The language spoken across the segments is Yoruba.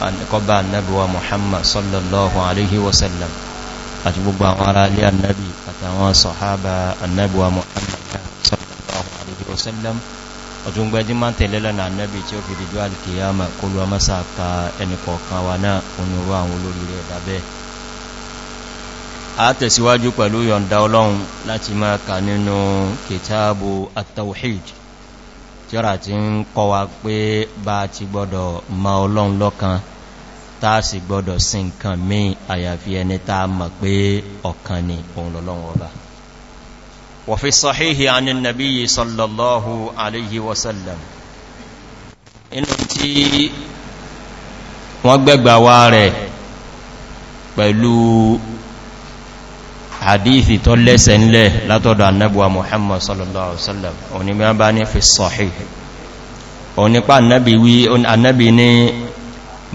kọba annabuwa muhammad sallallahu alaihi wasallam àti gbogbo àwọn ará alẹ́ annabi àtàwọn sọ̀hábà annabuwa muhammad sallallahu alaihi wasallam ọdún gbẹ́jí máa tẹ̀lé lọ́nà annabi tí ó fi dìjú alkiyama kó lọ mọ́sà ka ẹnikọ̀ọ̀kan wa náà onírú àwọn olórí rẹ̀ dábẹ́ a tẹ̀síwájú pẹ̀lú yọ̀nda ọlọ́run láti máa ka nínú kìtàbù at-tawhid tíra ti ń kọ wa pé bá ti gbọdọ̀ ma ọlọ́run lọ́kan táà sì gbọdọ̀ sí nǹkan mí àyàfi ẹni táà mọ̀ pé ọ̀kan ni ohun lọ́lọ́run ọba wọ̀fí sọ̀híhì àní nàbí sallallahu alayhi wasallam hadithi tó lẹ́sẹ̀ ńlẹ̀ látọ̀dọ̀ annabuwa muhammad sallallahu alaihi wasallam òní mẹ́ bá ní fi sahih òní pa annabi wí annabi ní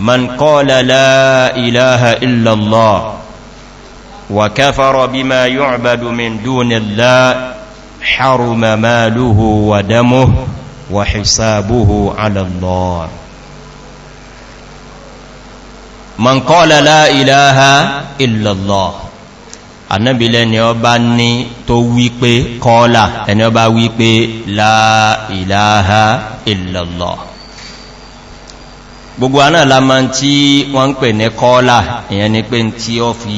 man qala la ilaha illallah wa kafara bima yu'badu min dunillah haruma maluhu wa damuhu wa hisabuhu ala Allah man qala la ilaha illallah annabilẹ̀ ni ọ bá ní tó wípé kọ́ọ́lá ẹni ọ bá wípé láìláha ìlọ̀lọ̀ gbogbo aná lámá tí wọ́n ń pè ní kọ́ọ́lá ìyẹn ni pé tí ó fi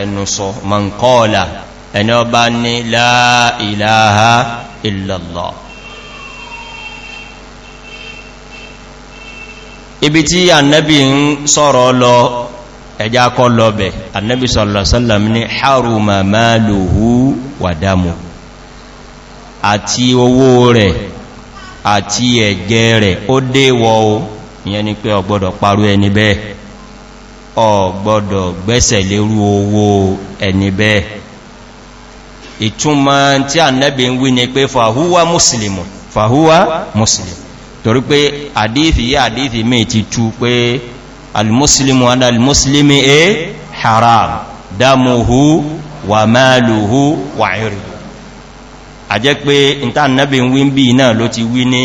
ẹnu sọ mọ̀ kọ́ọ́lá ẹni ọ bá ní láìláha ìlọ̀lọ̀ ibi tí annabi ń sọ̀rọ̀ lọ ẹjá kọ́ lọ́bẹ̀ annabi sallallahu ní haruma maluhu wa damu àti owó rẹ̀ àti ẹ̀jẹ́ rẹ̀ ó déwọ o ìyẹn ni pé ọgbọ́dọ̀ parú ẹni bẹ́ẹ̀ ọgbọ́dọ̀ gbẹ́sẹ̀ lérú owó ẹni bẹ́ẹ̀ ìtúnmọ̀ tí annabi ń wí ni pé fàhúwá muslimu fàhúwá àdífì yí àdífì almuslimu ala almuslimi e haram damuhu wa maluhu wa iri a jẹ́ pé ìta nábi wí ń bí náà ló ti wí ní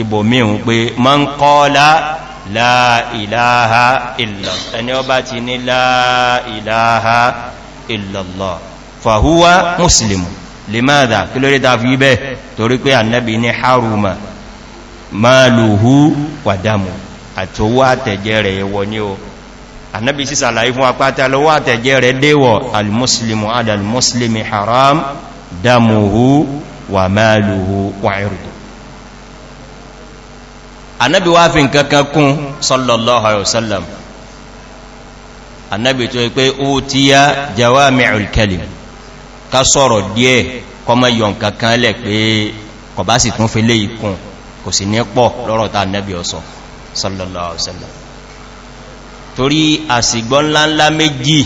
ibòmíhun pé ma ń kọ́lá láìláha ìlọ̀lọ̀ ẹni ọba ti ní láìláha ìlọ̀lọ̀ fàhúwá mùsùlùmù lè máa dà kí lórí ta fi bẹ́ torí pé annabi ní haruma maluhu wa damuhu àti owó àtẹ̀jẹ́ rẹ̀ ẹwọ ní o annabi sí sàlàyé fún apáta lọ́wọ́ àtẹ̀jẹ́ rẹ̀ déwọ̀ almuslimu adalmuslimi haram damuhu wa maluhu wa irudu annabi wá fi nkankan kún sallallahu alaihi wasallam annabi tó pé ó tí ya jawami'ul kalim ká sọ̀rọ̀ díẹ̀ kọmọ yọ nkankan lẹ̀ pé kọ̀bá sì tún fi lé ikun kò sì ní pọ̀ lọ́rọ̀ ta ọ̀sọ̀ sallallahu alaihi wasallam torí àsìgbọ́ ńláńlá méjì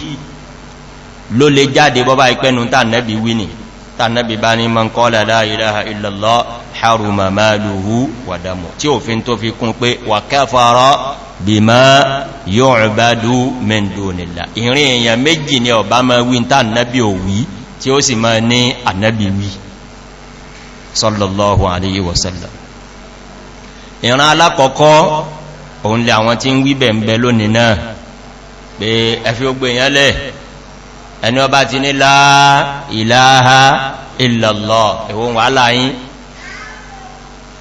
ló lè jáde bọ́bá ìpẹ́nu tànẹ́bí wíní tànẹ́bí bá ní man qala la ilaha illallah haruma maluhu wa damu tí òfin tó fi kún pé wa kafara bima yu'badu min dunillah ìrìn èèyàn méjì ni ọba ma wí tànẹ́bí ò wí tí ó sì ma ní ànẹ́bí òun lè àwọn tí ń wíbẹ̀ ń bẹ lónìí náà pé ẹfí ogbè yẹn lẹ̀ ẹni ọba ti ní láà ìlàáha ìlàlọ́ ìwọ̀n wà láyín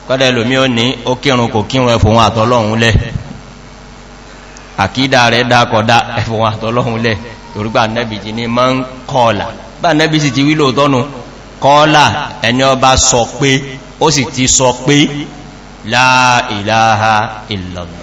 kọ́dẹ̀ lómí ó ní ó kírun kò kírun ẹfòun àtọ́lọ́hun lẹ̀ àkídà rẹ̀ dákọ̀dá ẹfòun àtọ́lọ́hun lẹ̀ torígbà nẹ́bì ti ní mọ́ ń ti wílò tọ́nu kọ́ọ̀lá ẹni ó sì ti sọ pé láà ìlàáha ìlàlọ́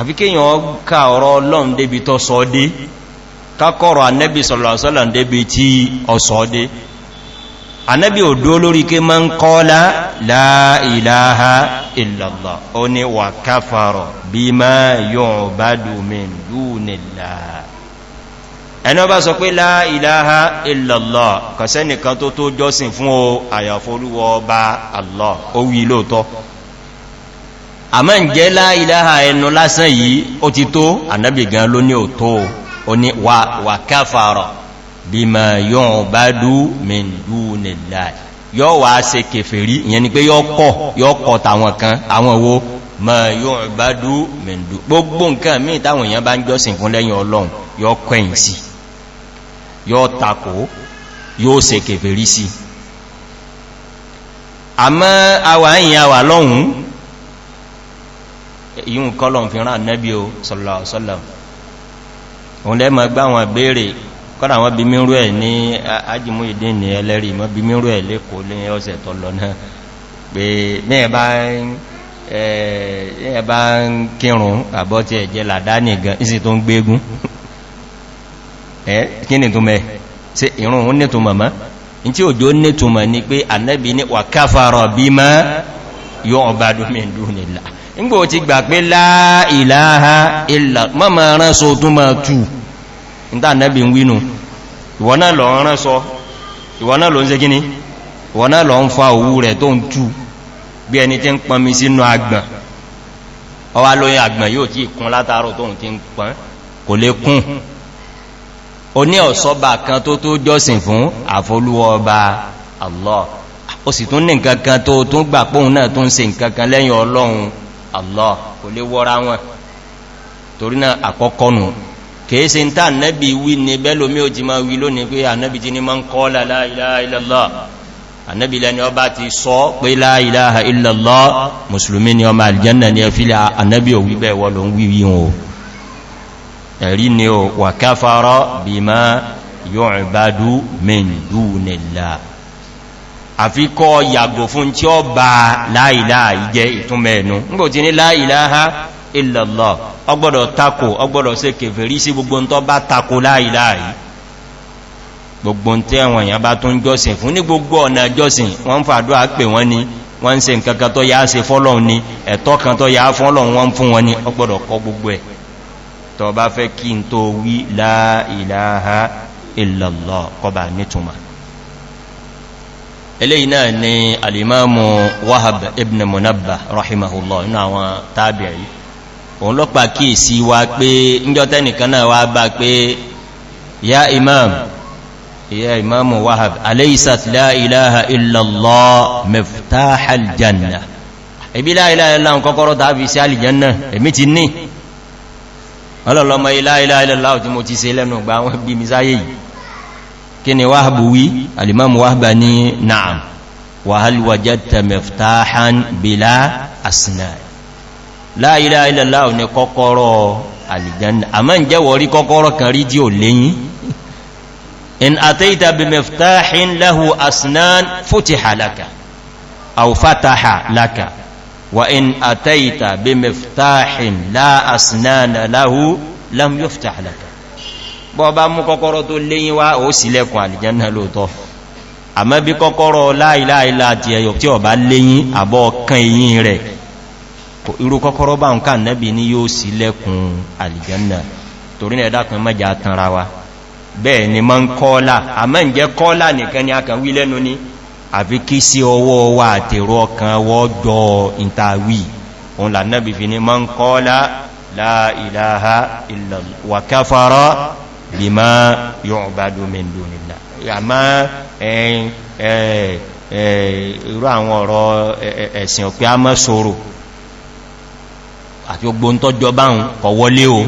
àfi kíyàn ká ọ̀rọ̀ ọlọ́run débi tó sọ́ọ́dé kákọ̀rọ̀ anẹ́bì sọ̀lọ̀sọ́lọ̀ débi tí ọ sọ́ọ́dé anẹ́bì ò dúó lórí kí ma ń kọ́lá láìláha ìlàlá ó ní wà káfàrọ̀ bí má yóò bá dùmín lúnìlá àmọ́ ń jẹ́ láìláha ẹnu lásán yìí ó ti tó ànábì gan ló ní òtó ó ní wà káfàrọ̀ bí ma yóò bá dú mẹ́ndú nìlá yóò wà se kèfèrí ìyẹn ni pé yóò kọ tàwọn kan àwọn owó ma yóò bá dú mẹ́ndú gbogbo nǹkan mí táwọn èèyàn bá ń jọ́sìn fún lẹ́yìn ọlọ́run yóò kẹ́yìn sí yóò takò yóò se kèfèrí sí àmọ́ àwà ìyìn lọ́hùn yíò kọ́lọ̀ fi rán nẹ́bí o sọ̀lọ̀sọ̀lọ̀ òun lẹ́ ma gbá wọn béèrè kọ́dà wọn bí mírú ẹ̀ ní ajímú ìdí ní ẹlẹ́rì mọ́ bí mírú ẹ̀ lẹ́kọ́ lé ọ̀sẹ̀ tọ́lọ náà pé mẹ́ẹ̀ bá ń kírùn àbọ́ ti ẹ̀jẹ́ làdá nìgan ìsì tó ń gbégún ẹ́ kí ni túnmẹ̀ sí ìrùn òun ní túnmọ̀ mọ́ ni pé ọba dúnmẹ̀ dúnìlá ńgbò ti gbà pé láìláha ìlà mọ́mọ̀ ránṣọ tó mọ̀ tù níta nẹ́bí wínú ìwọ náà lọ ránṣọ ìwọ náà lọ ń se gíní ìwọ náà lọ ń fa òwú rẹ̀ tó ń tù bí ẹni tí ń pọnmi sínú agbọ̀n ọwá lóyìn agbọ̀n yóò tí kún látàárọ̀ tóhun ti pọn kò lè kún o ní ọ̀sọ́bà kan tó tó jọ́sìn fún àfolúọba allah ó sì tún ní nǹkan kan tó tún gbà póhun náà tó ń se nǹkan kan lẹ́yìn ọlọ́run allah kò lè wọ́ra wọn torí náà àkọ́kọ́ nù kèése ń tà nẹ́bí wí ní bẹ́lómí ò jí máa wí lónìí pé ànẹ́bí jí ní máa ń kọ́ láìláìlọ́lọ́ ànẹ́bí lẹ́ni ọba ti sọ pé láìláìlọ́lọ́ musulmi ni ọmọ aljanna ni ẹfílẹ̀ àfikọ́ yàgò fún tí ó bá láìláà ìjẹ́ ìtúnmẹ̀ ẹ̀nu nígbò tí ní láìláà ìlọ̀lọ̀ ọgbọ́dọ̀ takò ọgbọ́dọ̀ sí kèfèrí sí gbogbo tó bá takò láìláà yìí gbogbo tí ẹwọ̀n èèyàn bá tó ń jọsìn fún ní gbogbo ọ̀nà jọ́sìn wọ́n ń fàdó àpè wọ́n ni wọ́n ń se nǹkan kan tó yá se fọ́lọ̀ ni ẹ̀tọ́ kan tó yá fọ́lọ̀ wọ́n fún wọn ni ọgbọ́dọ̀ kọ gbogbo ẹ̀ tó bá fẹ́ kí n tó wí láìláà ìlọ̀lọ̀ kọba nítumà eléyìí náà ni alìmáàmù wahab ibn munabba rahimahullah inú àwọn tàbí ẹ̀yí òun lọ́pàá kí sí wa pé ǹjọ́tẹ́ nìkan náà wá bá pé ya imam ya imamu wahab alaysat la ilaha illallah miftah aljanna ibi la ilaha illallah kọ́kọ́rọ́ tàbí sí alìjanna èmi ti ní ọlọ́lọ́mọ ilaha illallah kíni ni wáhàbù wí alìmọ́mù wáhàbà ní na'am wàhálwàjẹ́ta mẹ́ftáhán bílá àsìnà láàrídá ilẹ̀lá ò ní kọ́kọ́rọ̀ alìjẹ́nà a máa ń jẹ́wọ̀ rí kọ́kọ́rọ̀ kan rí jí ò lẹ́yìn in àtẹ́ta bí mẹ́ftáhín láhù àsìnà fútihà láka àwòfátaha láka wa in àtẹ́ta bí mẹ́ftáhín láà àsìnà láhù lam yóò láka bọ́ bá mú kọ́kọ́rọ́ tó léyìn wá ó sì lẹ́kùn àlìjánà lóòtọ́ àmọ́ bí kọ́kọ́rọ́ láìláìlá àti ẹyọ tí ọ̀bá léyìn àbọ́ kan èyìn rẹ̀ irú kọ́kọ́rọ́ bá ń ká nẹ́bì ní yóò sì lẹ́kùn àlìjánà torí ní ẹ̀dàkùn mẹ́jà tanra wa bẹ́ẹ̀ ni mọ́ ń kọ́ọ́lá àmọ́ ń jẹ́ bí má yóò bá domendo nìlá àmá irú àwọn ọ̀rọ̀ ẹ̀sìn òpé a mọ́ sọ́rọ̀ àti ogbó ń tọ́jọ bá ń kọ wọlé o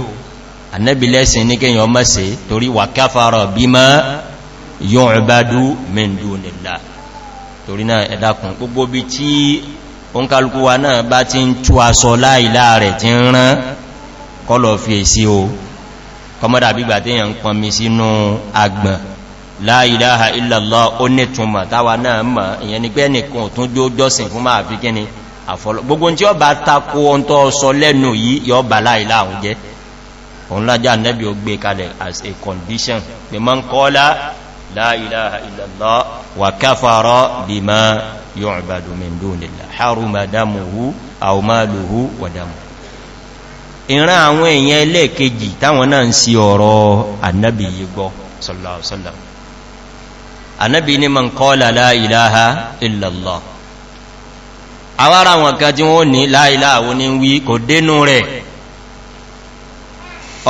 anẹ́bìlẹ́sìn ní kíyàn mọ́ sí torí wà káfàrọ̀ bí mọ́ yóò bá dú mẹ́ndú nìlá torí náà kọlọ̀ fi èsí o kọmọ́dà bígbà tí yàn ń pọnmi sínú agbọ̀n la ilaha illallah ó nìtùnmà táwa náà mọ̀ ìyẹn ni pé nìkan tún jó jọ́sìn fún máa fi kíni àfọ́lọ́ gbogbo tí ó bá takó ohun tó sọ lẹ́nu yìí yọ bà láìlá jẹ́ as condition pé mọ́ ń kọ́lá la ilaha illallah wa kafara bima yu'badu min dunillah haruma damuhu aw maluhu wa ìran àwọn èèyàn ẹlẹ́ẹ̀kejì táwọn náà ń sí ọ̀rọ̀ annabi yìí gbọ́ sallallahu annabi ni man kọ́lá láìláha illallah awára wọn kan tí wọ́n ní láìláàwó ní wí kò dénú rẹ̀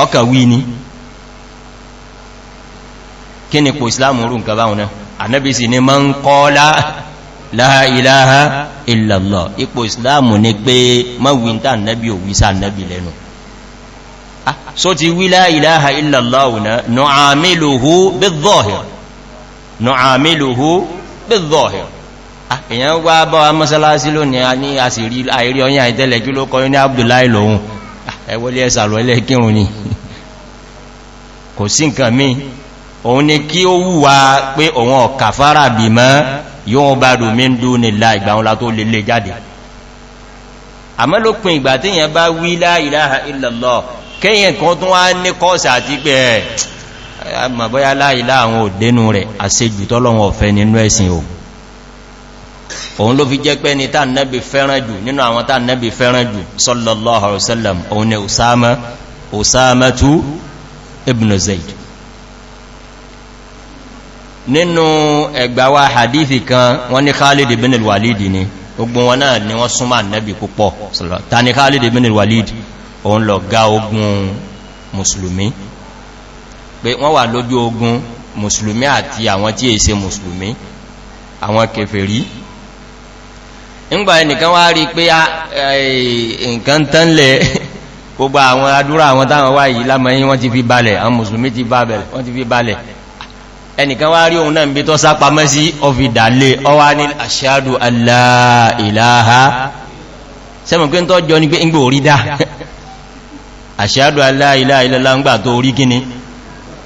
ọkà wí ní kí ni kò islam rú nǹkan báwọn náà annabi sì ni man kọ́lá láìláha illallah ipò islam ni pé mọ́wíntà annabi òwísà annabi lẹ́nu so ti wí láìláha ìlàláwùná nùhàmìlùhú bí zọ́hìr nùhàmìlùhú bí zọ́hìr èyàn wá bá wa mọ́sálásí lónìí a ní àsìrí àìrí ọyìn àìtẹ́lẹ̀ jú ló kọyún ní abdullahi lòun ah, ẹwọlé ẹsàlọ̀ ilẹ̀ kírùn ni kò sí nǹkan mí òun ni kí ó wùwa pé òun ọ̀kà fara bì mọ́ yóò bá rù àmọ́ lópin ìgbà tí yẹn bá wí láìláha ìlàlọ́ kéyìn kan tún wá ní kọ́ọ̀sì àti pé ẹ̀ mọ̀bọ́yá láìlá àwọn òdénú rẹ̀ àṣejù tọ́lọ́wọ́ ọ̀fẹ́ nínú ẹ̀sìn o òun ló fi jẹ́ pé ní tàn nẹ́bì fẹ́ràn jù nínú àwọn tàn nẹ́bì fẹ́ràn jù sallallahu alaihi wasallam Usama Usamatu ibn Zaid nínú hadithi kan wọ́n Khalid ibn walid ni gbogbo ni wọ́n súnmà nẹ́bì púpọ̀ ta ni Khalid walid òun lọ ga ogun musulmi pé wọ́n wà lójú ogun musulmi àti àwọn tí èsẹ musulmi àwọn kèfèrí ńgbà ẹnìkan wá rí pé ah, eh, nǹkan tánlẹ̀ gbogbo àwọn adúrà àwọn táwọn wá yìí lámọ́yí wọ́n ti fi balẹ̀ àwọn musulmi ti fi balẹ̀ ẹnìkan wá rí òun náà bí tó sápamọ́ sí ọfìdàlé ọwá e, ní àṣádù aláìláha sẹ́mọ̀ pé ń tọ́jọ́ ní pé ń gbò rí dáa àṣíádù aláìláìlọ́lá ń gbà tó orí gíní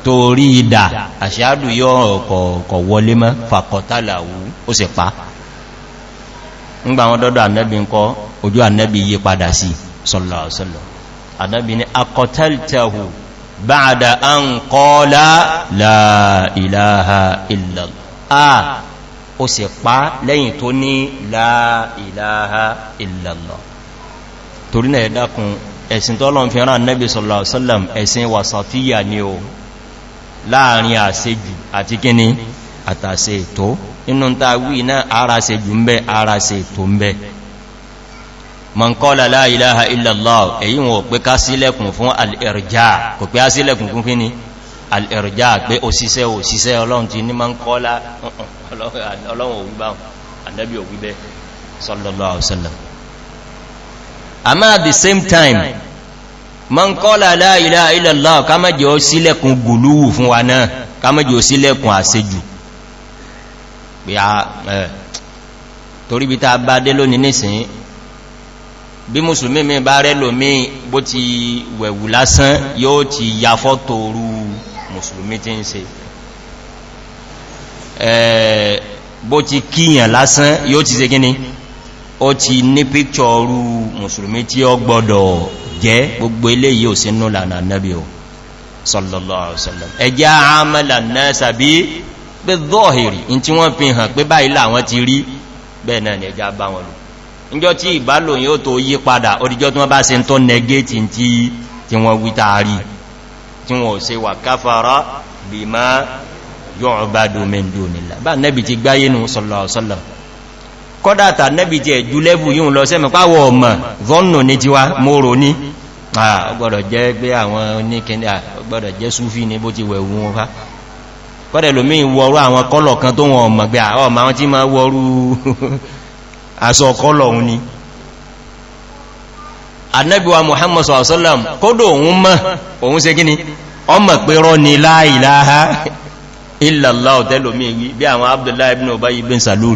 tó orí ìdà àṣíádù yọ ọ̀kọ̀ wọlé mọ́ fàkọtàlàwú ó sì pa ń gbà wọn dọ́dọ̀ ànẹ́bì ń kọ́ ojú ànẹ́bì yí padà sí sọ́lọ̀sọ́lọ̀ ànẹ́bì ni akọtàlìtàhù báadà án kọ́lá láìláha ìlọ̀ ó torí náà ẹ̀dàkùn ẹ̀sìn tó lọ́n fi rán nẹ́bí sallallahu alaihi wasallam ẹ̀sìn wasatiyya ni o láàrin àṣejù àti kíni àtàṣe ètò inú ta wí náà ara ṣe jù ń bẹ ara ṣe ètò ń bẹ man qala la illallah èyí wọn pé ká sílẹ̀kùn fún al-irja kò pé á sílẹ̀kùn fún kíni al-irja pé òṣìṣẹ́ òṣìṣẹ́ ọlọ́run ti sallallahu alaihi wasallam àmá at the same time man kọ́lá láìlá ilẹ̀lá kámẹ́jẹ́ ó sílẹ̀kùn gùlúwù fún wa náà kámẹ́jẹ́ ó sílẹ̀kùn àṣejù torí bí ta bá dé lónìí nìsìn bí musulmi mi bá rẹ lómi bó ti wẹ̀wù lásán yóò ti ya fọ́tò orú musulmi ti ń se bó ti kíyàn lásán yóò ti se gíní ó ti ní píkṣọ ọrú mùsùlùmí tí ó gbọ́dọ̀ jẹ́ gbogbo ilé yíò sínú lànà náàbí o sallallahu alaihi wasallam ẹjá àmàlà náà sàbí pé zọ́ọ̀hìrì in tí wọ́n fi hàn pé báyìí làwọn ti rí bẹ́ẹ̀ náà ni ẹjá bá wọn lò níjọ́ tí ìbálò yóò tó yí padà odíjọ́ tí wọ́n bá wà káfàrá bí má yọ́ ọ̀bá domin dùn bá nẹ́bì ti gbáyé nù sallallahu alaihi wasallam kọ́dàtà nẹ́bì jẹ́ jùlẹ́bù yíò lọ sẹ́mẹ̀ páwọ̀ ọmọ vọ́nà ní tiwa mọ́rọ̀ ní ọgbọ̀dọ̀ jẹ́ pé àwọn oníkẹni ọgbọ̀dọ̀ jẹ́ súfí ní bó ti wẹ̀ wọn fa kọ́dẹ̀ lómi wọrú àwọn kọ́lọ̀ kan tó wọn ọmọ gbé àwọn àwọn tí ma wọrú aṣọ kọ́lọ̀ òun ni pé rọ́ ni láìláha ìlàlá ọ̀tẹ́lómi bí àwọn abdullahi ibn obayi bin salul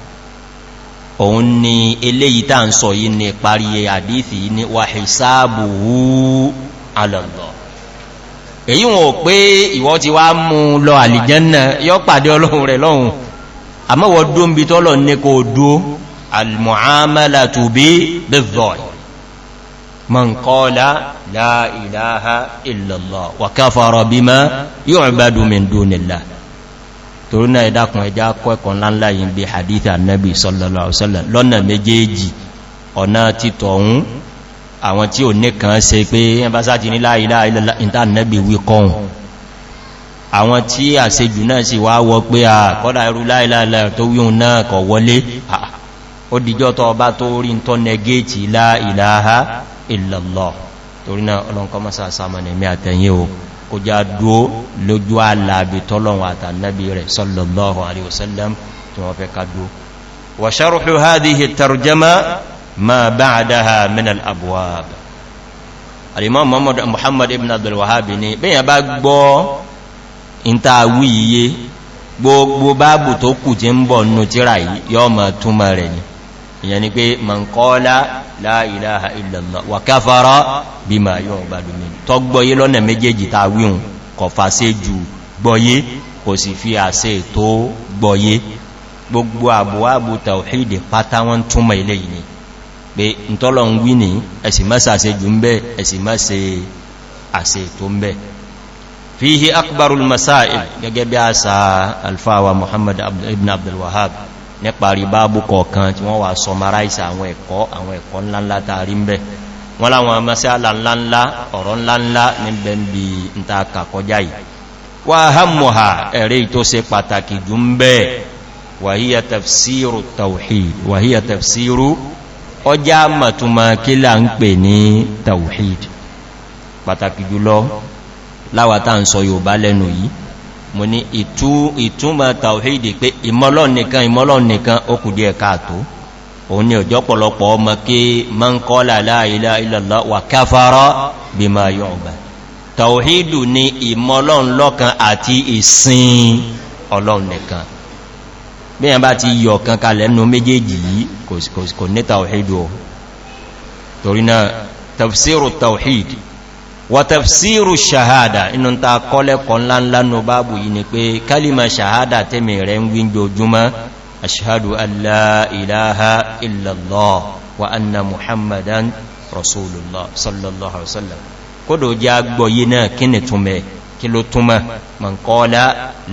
òun ni eléyìí tàà ń sọ yìí ní parí àdífì ní wàhìsáàbù alọ̀lọ̀ èyí wọn ò pé ìwọ́ ti wá mú lọ àlìjẹ́nà yọ́ pàdé ọlọ́run rẹ̀ lọ́hun àmọ́wọ́ dómbi tọ́lọ̀ ní kò dó almuhamala tó bí bíbzọ̀ì man kọ́lá láìláha ìlọ̀lọ̀ wàkáfàrọ̀ yóò gbádùn mi torí náà ẹ̀dàkùn ẹja kọ́ẹ̀kọ́ ńláńlá yìí bí hadith annabi sallallahu alaihi wasallam lọ́nà méjèèjì ọ̀nà títọ̀ ọ̀hún àwọn tí ò ní kan ṣe pé ẹmbásájì ní láìláà ìntànẹ́bì wí kọun àwọn tí àṣejù náà sì wá wọ pé à kọ́dà irú láìláà tó wíhun náà kọ̀ wọlé ó dìjọ́ tọ́ ọba tó rí tọ́ nẹgẹ́ẹ̀tì láìláà o kó já dúó lójú àlàbì tọ́lọ̀wọ̀n àtànàbì rẹ̀ sallallahu alaihi wasallam tí wọ́n fẹ́ ká dúó wa sharhu hadhihi tarjama ma ba'daha min al-abwab al-imam bá gbọ́ ìta wíyé gbogbo ìyẹn ni pé mọ̀nkọ́lá láìláha ìlànà wà káfàrá bí ma yóò gbádùn mi tọ́ gbọ́yé lọ́nà méjèèjì ta wíhun kọ̀ fàṣẹ jù gbọ́yé kò sì fi àṣẹ tó gbọ́yé gbogbo àbúwábù tàwíìdì pátá wọ́n túnmọ̀ ilé yìí pé ntọ́lọ ń wí nípa rí báàbù kọ̀ọ̀kan tí wọ́n wà sọmaráìsà àwọn ẹ̀kọ́ àwọn ẹ̀kọ́ ńláńlá tààrí ń bẹ̀ wọ́n láwọn amásíàlà ńláńlá ọ̀rọ̀ ńláńlá ní bẹ̀m̀bì ìntàkà kọjá yìí wà ẹ̀rẹ́ se pàtàkì jù ń bẹ́ wàhíyà tafsíru ọjá màtúmà kí là ń pè ní tawhid pàtàkì jùlọ láwátà mo ní ìtúmọ̀ tàwídì pé ìmọ́lọ́ nìkan ìmọ́lọ́ nìkan okùdí ẹ̀ka àtò òun ni òjò pọ̀lọpọ̀ ọmọ kí ma ń kọ́ láàílá ìlàlá wà káfàárọ́ bí ma yọ ọ̀gbà tàwídù ni ìmọ́lọ́n lọ́kan àti ìsin ọlọ́n nìkan bí yàn bá ti yọ wàtàfsíru ṣàhádà inú ta kọ́lẹ̀kọ́ ńláńlánú báàbù yìí ni pé kálìmà ṣàhádà tẹ́mì rẹ̀ ń gbín jojúmọ́ aṣíhádù aláìláha ìlàlọ́ wa anna muhammadan rasulullah sallallahu alaihi wasallam kódò jẹ́ agbóyí náà kí ni túnmẹ̀ kí ló túnmọ̀ man kọ́lá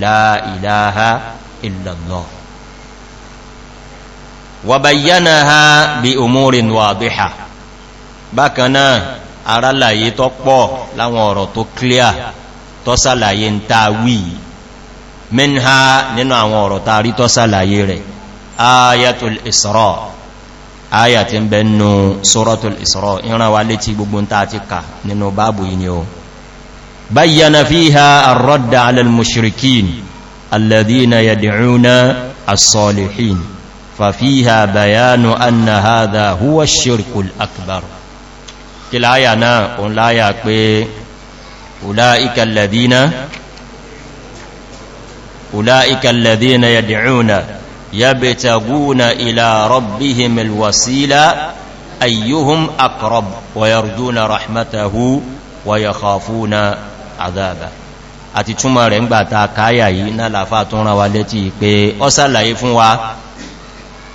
láìláha ìlàlọ́ wa ha bi umurin wa bákanáà arálàyé tó pọ̀ láwọn ọ̀rọ̀ tó clear tó sàlàyé ń wí minha nínú àwọn ọ̀rọ̀ ta rí tó sàlàyé rẹ̀ ayatul isra ayatin bennu suratul isra ìran wa létí gbogbo nta ti kà nínú babu yìí ni o bayyana fiha ar radd 'ala al-mushrikin alladhina yad'una as-salihin ففيها بيان أن هذا هو الشرك الأكبر kí láyà náà òun láyà pé أولئك الذين أولئك الذين يدعون يبتغون إلى ربهم الوسيلة أيهم أقرب ويرجون رحمته ويخافون عذابه àti túnmọ̀ rẹ̀ ń gbà ta káyà yìí náà làfà tó rán wa létí pé ó sàlàyé fún wa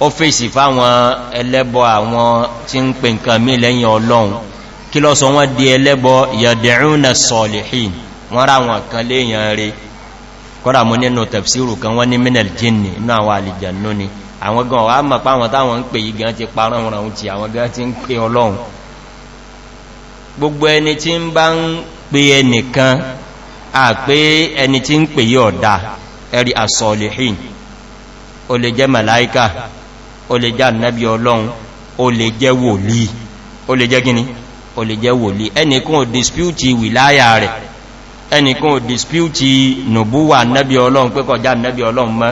ó fèsì fáwọn ẹlẹ́bọ̀ àwọn tí ń pè nǹkan mí lẹ́yìn ọlọ́run kí lọ sọ wọ́n di ẹlẹ́bọ yàdẹ̀rúnà sọ̀lẹ̀hìn wọ́n rá wọn kan léèyàn rẹ̀ kọ́dà mú nínú tẹ̀fsíru kan wọ́n ní minel jinni inú àwọn àlìjànú ni àwọn gan wà mọ̀ páwọn táwọn ń pè yí gan ti parán wọn ti àwọn o lè jẹ́ wòlíì o lè jẹ́ gíní o lè jẹ́ wòlí ẹnìkan ò dispute wìláyà rẹ̀ ẹnìkan ò dispute nùbúwà nẹ́bí ọlọ́run pé kọjá nẹ́bí ọlọ́run mọ́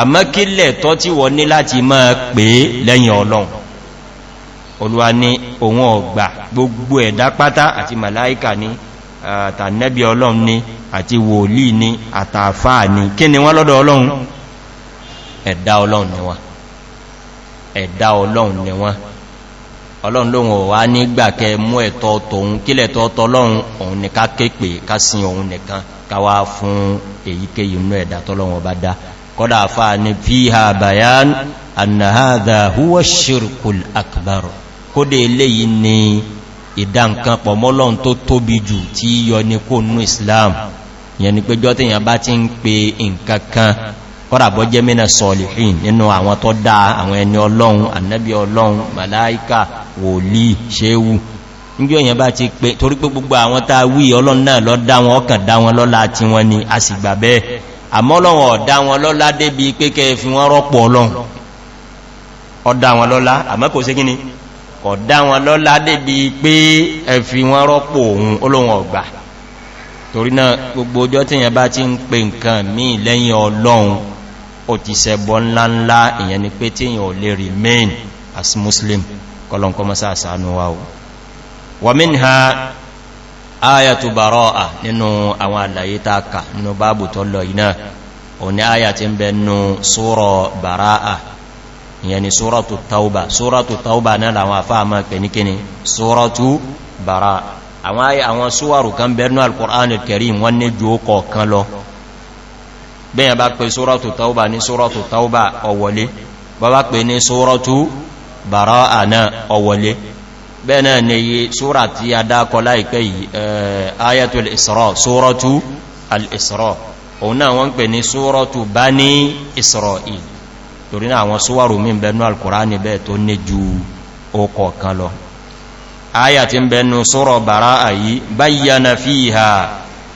àmọ́ kí lẹ̀ tọ́ tí wọ́n ní láti mọ́ pé lẹ́yìn ọlọ́run olúwa ní òun ọ̀gbà gbogbo ẹ̀dá pátá ni wọ́n lọ́dọ̀ ọlọ́run ẹ̀dá ọlọ́run ni wọ́n ọlọ́run lóhun ò wá nígbà kẹ mú ẹ̀tọ́ tòun kílẹ̀ tọ́ tọ́lọ́run òun ní ká kéèpè ká sin òun nìkan káwà fún èyíkéyìí inú ẹ̀dà tọ́lọ́run ọba dá kọ́dà fa ní fíhà bayan annahadha ni ìdá ni pé pe nǹkan kọ́dàbọ́ jẹ́ mẹ́nà sọ̀lìhìn nínú àwọn tó dá àwọn ẹni ọlọ́run annabi ọlọ́run màláíkà wòlí ṣéwù nígbí òyìn bá ti pé torí pé gbogbo àwọn tàà wí ọlọ́run náà lọ dá wọn ọkàn dá wọn lọ́lá tí wọ́n ni a sì gbà bẹ́ẹ̀ àmọ́ ọlọ́run ọ̀dá wọn lọ́lá débi pé kẹ́ fi torí náà gbogbo ọjọ́ tí yẹn bá ti ń pe nǹkan míì lẹ́yìn ọlọ́run ó ti sẹ́bọ̀ ńláńlá ìyẹn ni pé tí yíò lè remain as muslim kọlọ̀nkọ́ mọ́sá àsánú wa o wà mín ha ayatu baro'a nínú àwọn àlàyé taka nínú báàbù tó lọ iná òní aya ti ń bẹ nínú sórọ̀ baro'a ìyẹn ni sórọ̀tù tauba sórọ̀tù tauba náà làwọn afá ma pè ní kíni sórọ̀tù baro'a àwọn aya àwọn sówàrù kan bẹ nínú alkùránil kẹrí wọn ní jù ó kọ̀ọ̀kan lọ bẹ́yàn bá pè sóràtù taubá ní sóràtù taubá ọ̀wọ̀lé bàbá pè ní sóràtù bàrá àná ọ̀wọ̀lé bẹ́ẹ̀nà ni yí sóra tí a dákọ láìpẹ́ yìí ayatul isra sóràtù al-isra òun náà wọ́n pè ní sóràtù bá ní isra'il torí náà àwọn sówàrù mí bẹnu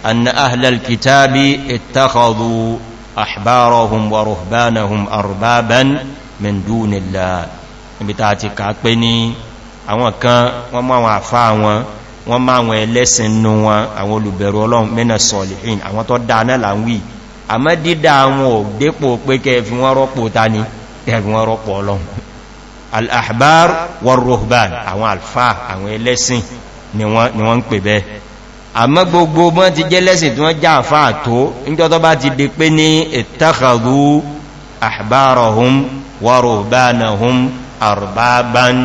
أن أهل الكتاب اتخذوا أحبارهم ورهبانهم أربابا من دون الله نبتاتي كاكبني àwọn kan wọ́n máa wọn àfá wọn wọ́n máa wọn ẹlẹ́sìn nú wọn àwọn olùbẹ̀rù ọlọ́run mẹ́nà sọ̀lẹ̀hìn àwọn tó dáa náà láwí àmọ́ dídá àwọn ò dépò pé kẹfì wọ́n rọ́pò tani kẹfì wọ́n rọ́pò ọlọ́run al-ahbar àmọ́ gbogbo wọ́n ti jẹ́ lẹ́sìn tí wọ́n já àfáà tó níjọ́ tó bá ti di pé ní ìtàkàrú àbárọ̀hún wọ́rọ̀bánahún àrùbábán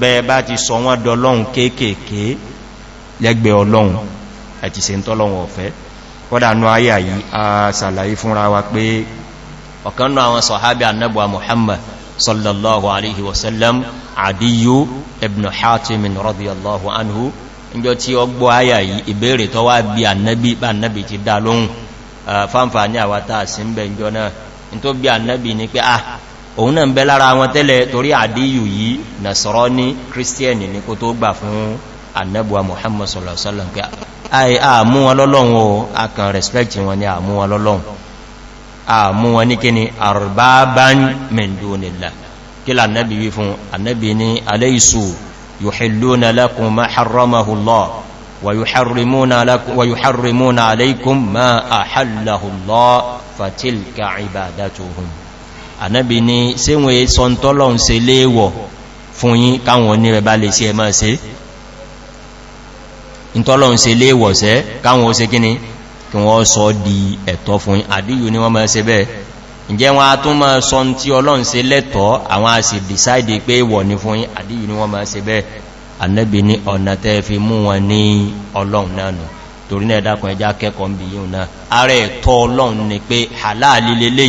bẹ́ẹ̀ bá ti sọ wọ́n dọlọ́un kéèkèé lẹ́gbẹ̀ẹ́ ọlọ́un àti se wa pé adiyu ibn hatimin radiyallahu anhu ìjọ tí ó gbọ́ ayà yìí ìbéèrè tó wá bí annabi bá annabi ti dá lóhun fáǹfà ní àwátá sí ń bẹ̀ ìjọ náà in tó bí annabi ni pé ah òun náà ń bẹ lára wọn tẹ́lẹ̀ torí àdíyù yìí Nasrani kírísíẹ̀nì ní kó tó gbà fún annabuwa Muhammad sallallahu alaihi wasallam pé ai àmú respect wọn ni àmú wọn lọ́lọ́run àmú wọn ní kíni arbaban min dunillah kí lànàbí wí يحلون لكم ما حرمه الله ويحرمون, لكم ويحرمون عليكم ما أحله الله فتلك عبادتهم anábi ni síwọ̀n èso ń tọ́lọ̀ ń se léèwọ̀ fún yí káwọn ní rẹ̀ bá lè sí ẹmọ́ sí ń tọ́lọ̀ ń se léèwọ̀ sẹ́ káwọn ó se gíní kí wọ́n sọ di ẹ̀tọ́ fún yí àdíyù ni wọ́n mọ́ sí bẹ́ẹ̀ ǹjẹ́ wọn a tún máa sọ tí ọlọ́run se lẹ́tọ́ àwọn a sì dìsáìdì pé wọ̀ ní fún àdíyì ni wọ́n máa se bẹ́ẹ̀ annabi ní ọ̀nà tẹ́ fi mú wọn ní ọlọ́run náà torí náà ẹjá kẹ́kọ̀ọ́ bí yíò halali lele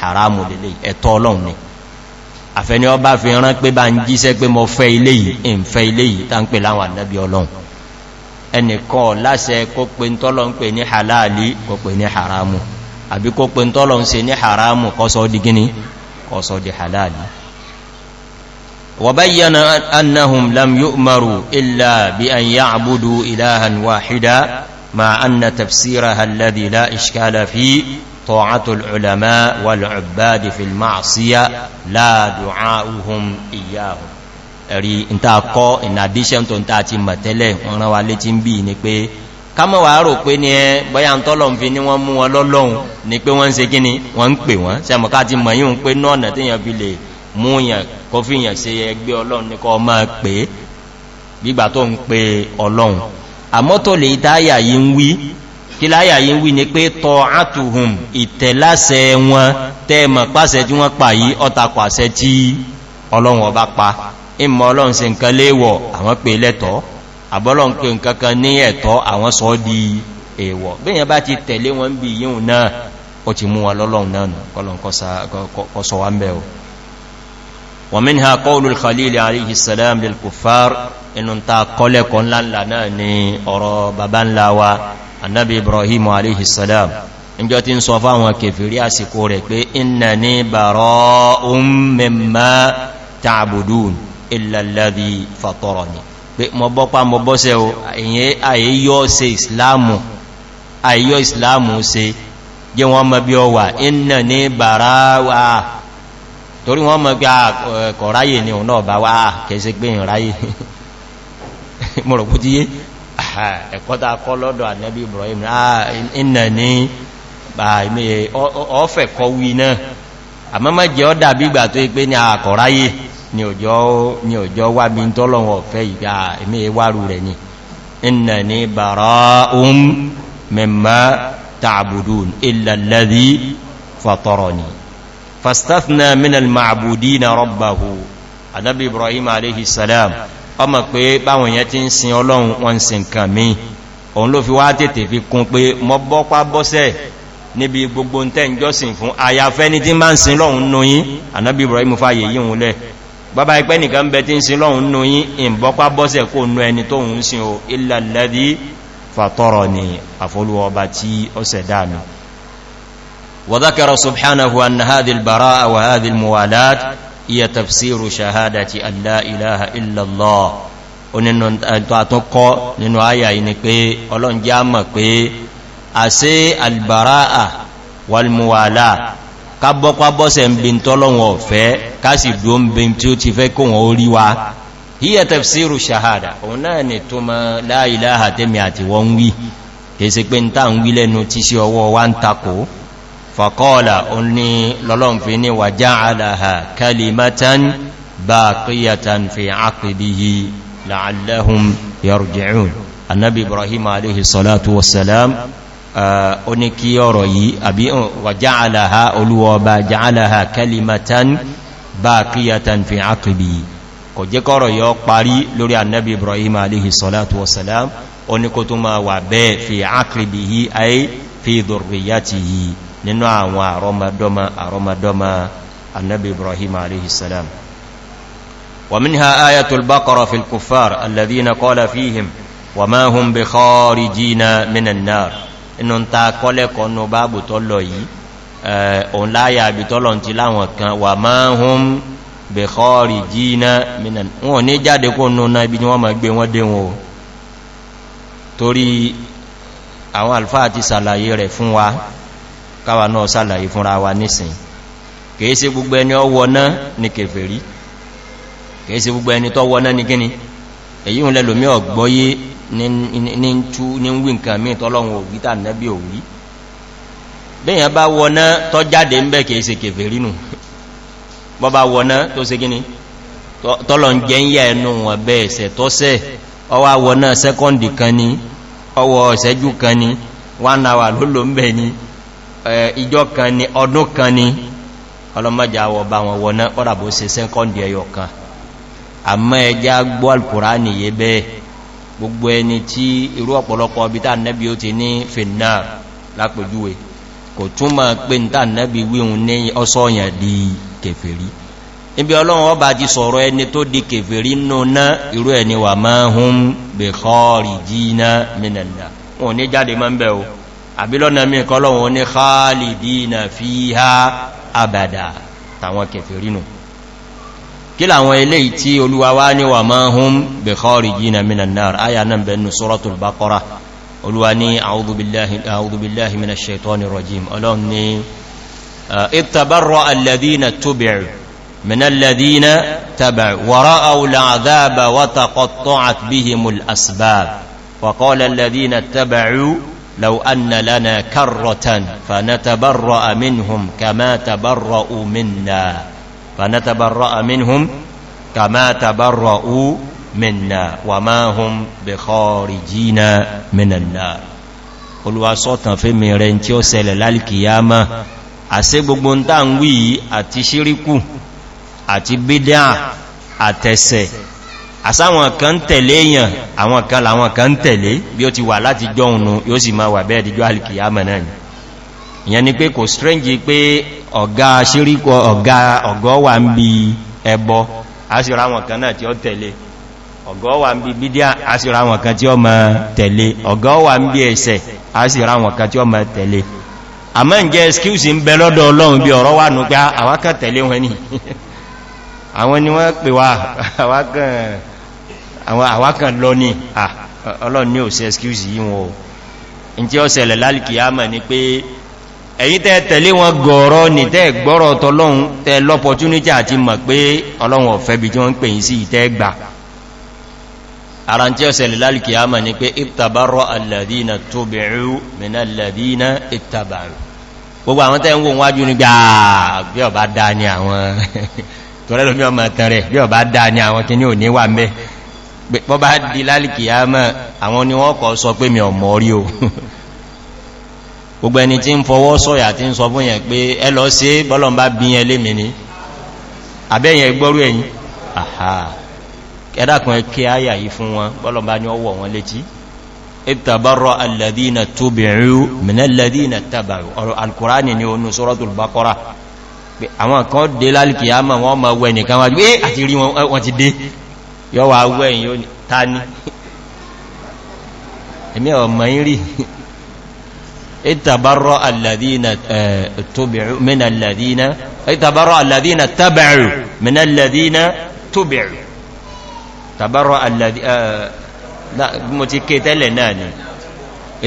haramu lele ẹ̀tọ́ ọlọ́run ni àfẹ́ni ọba fi rán pé bá ń jíṣẹ́ pé mo fẹ́ ilé yìí ń fẹ́ ilé yìí tá ń láṣẹ kó pe ń tọ́lọ́ ń pè ní halali kó pe ní haramu àbí kó pé tọ́lọ ń se ní haramu kọsọ di gini kọsọ di halali wa bayyana annahum lam yu'maru illa bi an ya'budu ilahan wahida ma anna tafsiraha alladhi la ishkala fi طاعه العلماء والعباد في المعصيه لا دعاؤهم اياه eri nta ko in addition to nta ti matele won ran wa le tin bi ni pe Kama wà rò pé ní ẹ bọ́yá ń tọ́lọ̀ fi ní wọ́n mú wọn lọ́lọ́un ní pé wọ́n ń se gíní wọ́n ń pè wọ́n sẹ́mọ̀ká ti mọ̀ yíò ń pé náà tí yàn fi lè mú yàn kó fi yàn se ẹgbẹ́ ọlọ́run ní kọ́ máa pè gbígbà tó ń pe ọlọ́run àmọ́tò lè dáyà yí ń wí kí láyà yí ń wí ni pé tọ́ átùhùn ìtẹ̀láṣẹ wọn tẹ́ẹ̀mọ̀ pàṣẹ tí wọ́n pa yí ọta pàṣẹ tí ọlọ́run ọba pa ìmọ̀ ọlọ́run se nǹkan léèwọ̀ àwọn pè lẹ́tọ̀ọ́ àbọ́lọ̀ ń pè nkankan ní ẹ̀tọ́ àwọn sọ di èèwọ̀ bíyàn bá ti tẹ̀lé wọn bí yíò náà ó ti mú wa lọ́lọ́run náà nù kọlọ̀n kọsọ wa ń bẹ̀ wọ́n min annabi ibrahim aleyhisselam injọ ti ń sọ fáwọn kèfèrí àsìkò rẹ̀ pé inna ni bàrọ̀ ohun mẹ́mà tààbùdùn illalladhi fatọ́rọ̀ pé mọ̀bọ́pá mọ̀bọ́sẹ̀ o èyàn àyíyọ́ se islamu àyíyọ́ islamu se jẹ́ wọ́n mọ̀ bí ọ wà iná ní bàrá wà torí wọ́n mọ̀ pé kọ̀ráyè ni òun náà bá wà kẹsẹ̀ pé ìráyè mọ̀rọ̀kú tíyé ẹ̀kọ́ta kọ́ lọ́dọ̀ ànẹ́bí ibrahim iná ní ọ̀fẹ̀kọ́ wí náà àmọ́mọ́ jẹ́ ní òjò wá bí n tọ́lọ̀wọ̀ fẹ́ ìgbà èmì ìwárù rẹ̀ ni inna ni bara'un mimma ta'budun illa alladhi fatarani fastathna min al-ma'budina rabbahu anabi ibrahim alayhi salam ọmọ pé báwọn yẹn ti ń sin ọlọ́run wọn sin kan mi òun ló fi wá tètè fi kún pé mọ́ bọ́pá bọ́sẹ̀ níbi bàbá ipẹ́ nìkan bẹ tí ń sin lọ́hun nú yí ìbọ́pá bọ́sẹ̀ kó nú ẹni tó ń sin o ìlàlẹ́dí fàtọ́rọ̀ ni àfolúọba tí ó sẹ̀dánù wàzákẹrọ subhanahu an hadil bara wa hadil muwalat iya tafsiru shahadati allah ilaha illallah onínú àtúnkọ́ nínú ayà yìí ni pé ọlọ́njá mọ̀ pé a sí albara'a walmuwala ká bọ́kwá bọ́sẹ̀ ń bí tọ́lọ́wọ̀n ọ̀fẹ́ ká sì dúó ń bí tí ó ti fẹ́ kó wọn orí wa híyẹ tafsiru shahada òun náà ni tó ma la ilaha tẹ́mi àti wọ́n wí kèsí pé ń tàà wí lẹ́nu tí sí ọwọ́ wá ń takò fàkọ́ọ̀lá òun ni lọ́lọ́mfin oníkíyọ̀rọ̀ ní kí ọ̀rọ̀ yìí àbí wà jáàláha olúwọba jáàláha kalimatan baqiyatan fi aqibi kò jẹ́ kọ́rọ̀ yọ parí lórí annabi ibrahim aléhì salatu wasalam ó ní tó máa wà bẹ́ẹ̀ fi aqibi yí ayé fi dhurriyati yí nínú àwọn àrọmadọ́mà àrọmadọ́mà annabi ibrahim aléhì salam ومنها آية البقرة في الكفار الذين قال فيهم وما هم بخارجين من النار inú ta kọ́lẹ̀kọ́ ní báàbù tọ́lọ yìí òun láyà àbí tọ́lọ ti láwọn kan wà máa hún bẹ̀kọ́rì jína minan wọn ní jáde kó nuna ibi ni wọ́n ma gbé wọ́n dé wọn torí àwọn alfa àti sàlàyé rẹ̀ fún wa káwà náà sàlàyé fúnra wa nísìn kìí sí gbogbo ẹni ọwọ́ náà ní kèfèrí kìí sí gbogbo ní ń tú ní ń wí nǹkan mí tọ́lọ́run òwí tà nẹ́bí òwí bíyàn bá wọná tọ́ jáde ń bẹ́ kìí se kèfè rínú bọ́ bá wọná tó se gíní tọ́lọ̀ ń jẹ́ ń yà ẹnu wọn bẹ́ ẹ̀sẹ̀ tọ́sẹ̀ ọwá wọná sẹ́kọ́ndì kan ní ọwọ́ ọ̀sẹ́jú kan ní one hour ló ló ń bẹ̀ kan ní ọdún kan ní ọlọ́mọ́jà wọ bá kan àmọ́ ẹjá gbogbo ẹni tí irú ọ̀pọ̀lọpọ̀ ibi tá nẹ́bí ó ti ní fìnnà lápòjúwe kò túnmọ̀ pé ní tá nẹ́bí wíhun ní ọsọ́yàn di kèfèrí níbi ọlọ́run ọba ti sọ̀rọ̀ ẹni tó di kèfèrí nùná irú ẹni wà máa ń bẹ̀ kí làwọn eléyìí tí olúwa wá ní wà máa hún bi kharijina minan nar áyà náà bẹnu suratul baqara olúwa ní a'udhu billahi a'udhu billahi minash shaitani rajim ọlọ́run ní ittabarra alladhina tubi'u minal ladhina taba'u wa ra'aw لو أن لنا كرة فنتبرأ منهم كما تبرأوا منا فنتبرأ منهم كما تبرؤوا منا وما هم بخارجين من النار olúwa sọ́tàn fẹ́ mẹ́rẹ tí ó sẹlẹ̀ lálìkìyàmá àṣẹ gbogbo ń tàà ń wí àti ṣíríkù àti bídá àtẹsẹ̀ àsáwọn kan tẹ̀lé èyàn àwọn kan làwọn kan tẹ̀lé bí ó ti wà láti jọ yóò sì máa wà bẹ́ẹ̀ ọ̀gá ṣíríkọ ọ̀gá ọ̀gọ́ wà ń bí ẹbọ aṣíra wọn kan tí ó tẹ̀lé ọ̀gọ́ ń bí bídíà aṣíra wọn kan tí ó mọ̀ tẹ̀lé ọ̀gọ́ wà ń bí ẹsẹ̀ aṣíra wọn tí ó mọ̀ tẹ̀lé àmọ́ ń jẹ́ excuse ń bẹ lọ́dọ̀ ọlọ́run bí ọ̀rọ̀ wà nùgbá ah, àwákàn tẹ̀lé wọn ni ni wọ́n pè wá ah, excuse o ni ẹ̀yí tẹ́ tẹ̀lé wọn gọ̀ọ̀rọ̀ ní tẹ́ gbọ́rọ̀ tọ́lọ́un tẹ́ lọ́pọ̀túnítì àti mọ̀ pé ọlọ́run ọ̀fẹ́ bí tí wọ́n ń pè yí sí ìtẹ́ gbà ara tí ó sẹlẹ̀ lálìkì àmà ní pé ìtàbárọ̀ alàdínà tó bẹ̀rù mìnà alàdínà ìtàbárù gbogbo àwọn tẹ́ ń wò wájú ní gbà bí ni pé gbogbo ẹni tí ń fọwọ́ sọ̀yà tí ń sọ fún yẹn pé ẹ lọ sí bọ́lọ̀n bá bí yẹn lémi ní àbẹ́yẹn gbọ́rú ẹ̀yìn àhà ẹ̀dàkùn ẹkẹ àyà yìí fún wọn bọ́lọ̀n bá ní ọwọ́ wọn létí ìtàbárọ̀ alẹ́dínà tó bẹ̀rú mìnàlẹ́dínà tàbàrù ọ̀rọ̀ alkùránì ní onú sọ́rọ̀tù ìtàbárọ̀ alladina tabi'u min alladina tubi'u tàbárọ̀ alladina mo ti ké tẹ́lẹ̀ náà ni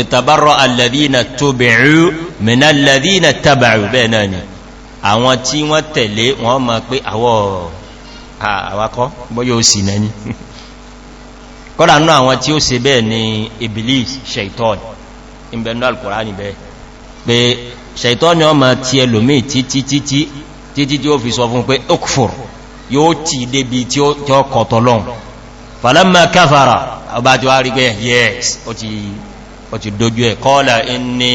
ìtàbárọ̀ alladina tubi'u min alladina tabi'u bẹ́ẹ̀ náà ni àwọn tí wọ́n tẹ̀lé wọ́n ma pé àwọ̀ àwakọ́ bóyọ́ sí náà ni ìbẹ̀nú alkùnrání bẹ́ pé ṣẹ̀tọ́ ni ọmọ ti ẹlòmí títí títí títí tí ó fi sọ fún pé okfur yóò ti débi tí ó kọtọlọ́n falamma káfàrà ọba tí wá rí pé yes ó ti dojú ẹ̀ kọ́ọ̀lá ní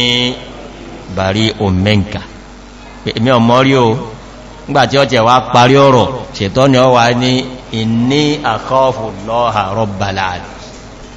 bàrí omenka èmi ọmọ rí o nígbàtí ó tẹ̀ wá parí ọ̀rọ̀ ṣètọ́ ni ọ wá ní ìní àkọ́ọ̀fù lọ́ha rọ́bàláàdì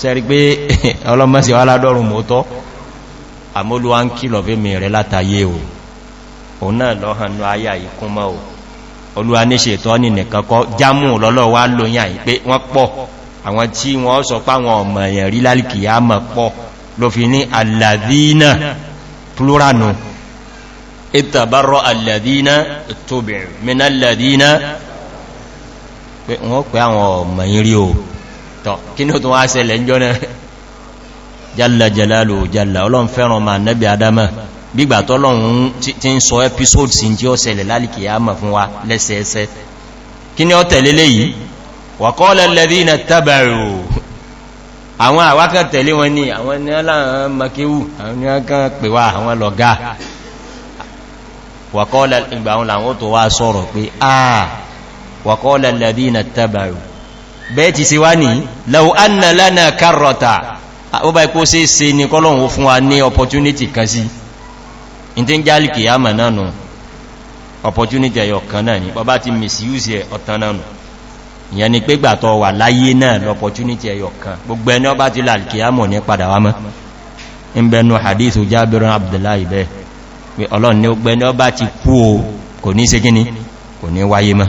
sẹ́rí pé ọlọ́mọ́sí wá ládọ́rùn mọ́tọ́ àmóluwa ń kí lọ̀fẹ́ mi rẹ̀ látàyé o òun náà lọ́hànú ayá ikún mọ́ o olúwa ní ṣètọ́ ní nìkankọ́ jámù lọ́lọ́ wá lóyìn pé wọ́n pọ̀ àwọn tí wọ́n sọ páwọn ọmọ èèyàn pé wọ́n pẹ́ àwọn ọmọ ìrí o tọ́ kí ní ó tún wá ṣẹlẹ̀ ń jọ́nà jalla jalalu jalla ọlọ́n fẹ́ràn ma nẹ́bí adama gbígbà tọ́lọ́run tí ń sọ episode sí jí ó ṣẹlẹ̀ lálìkì yàmà fún wa lẹ́sẹẹsẹ kí ní ó tẹ̀lélé yìí wa qala alladhina taba'u àwọn àwákà tẹ̀lé wọn ni àwọn ní aláàrán makewu àwọn ní bẹ́ẹ̀ ti se wá ní lọ́wọ́ anna lánàá karrota ó bá ikú sí se ní kọ́lọ̀wọ́ fún wa ní opportunity kan sí in tí ń jálì kìí àmà náà nù opportunity ẹ̀yọ kan náà ní bọ́bá ti misuse ọ̀tán náà nù ìyẹn ni pé gbàtọ̀ wà láyé náà l'opportunity ẹ̀yọ kan gbogbo ní hadithu jábìrin abdullahi bẹ́ẹ̀ pé ọlọ́run ni ó gbẹ́ni ọba ti kú o kò wáyé mọ́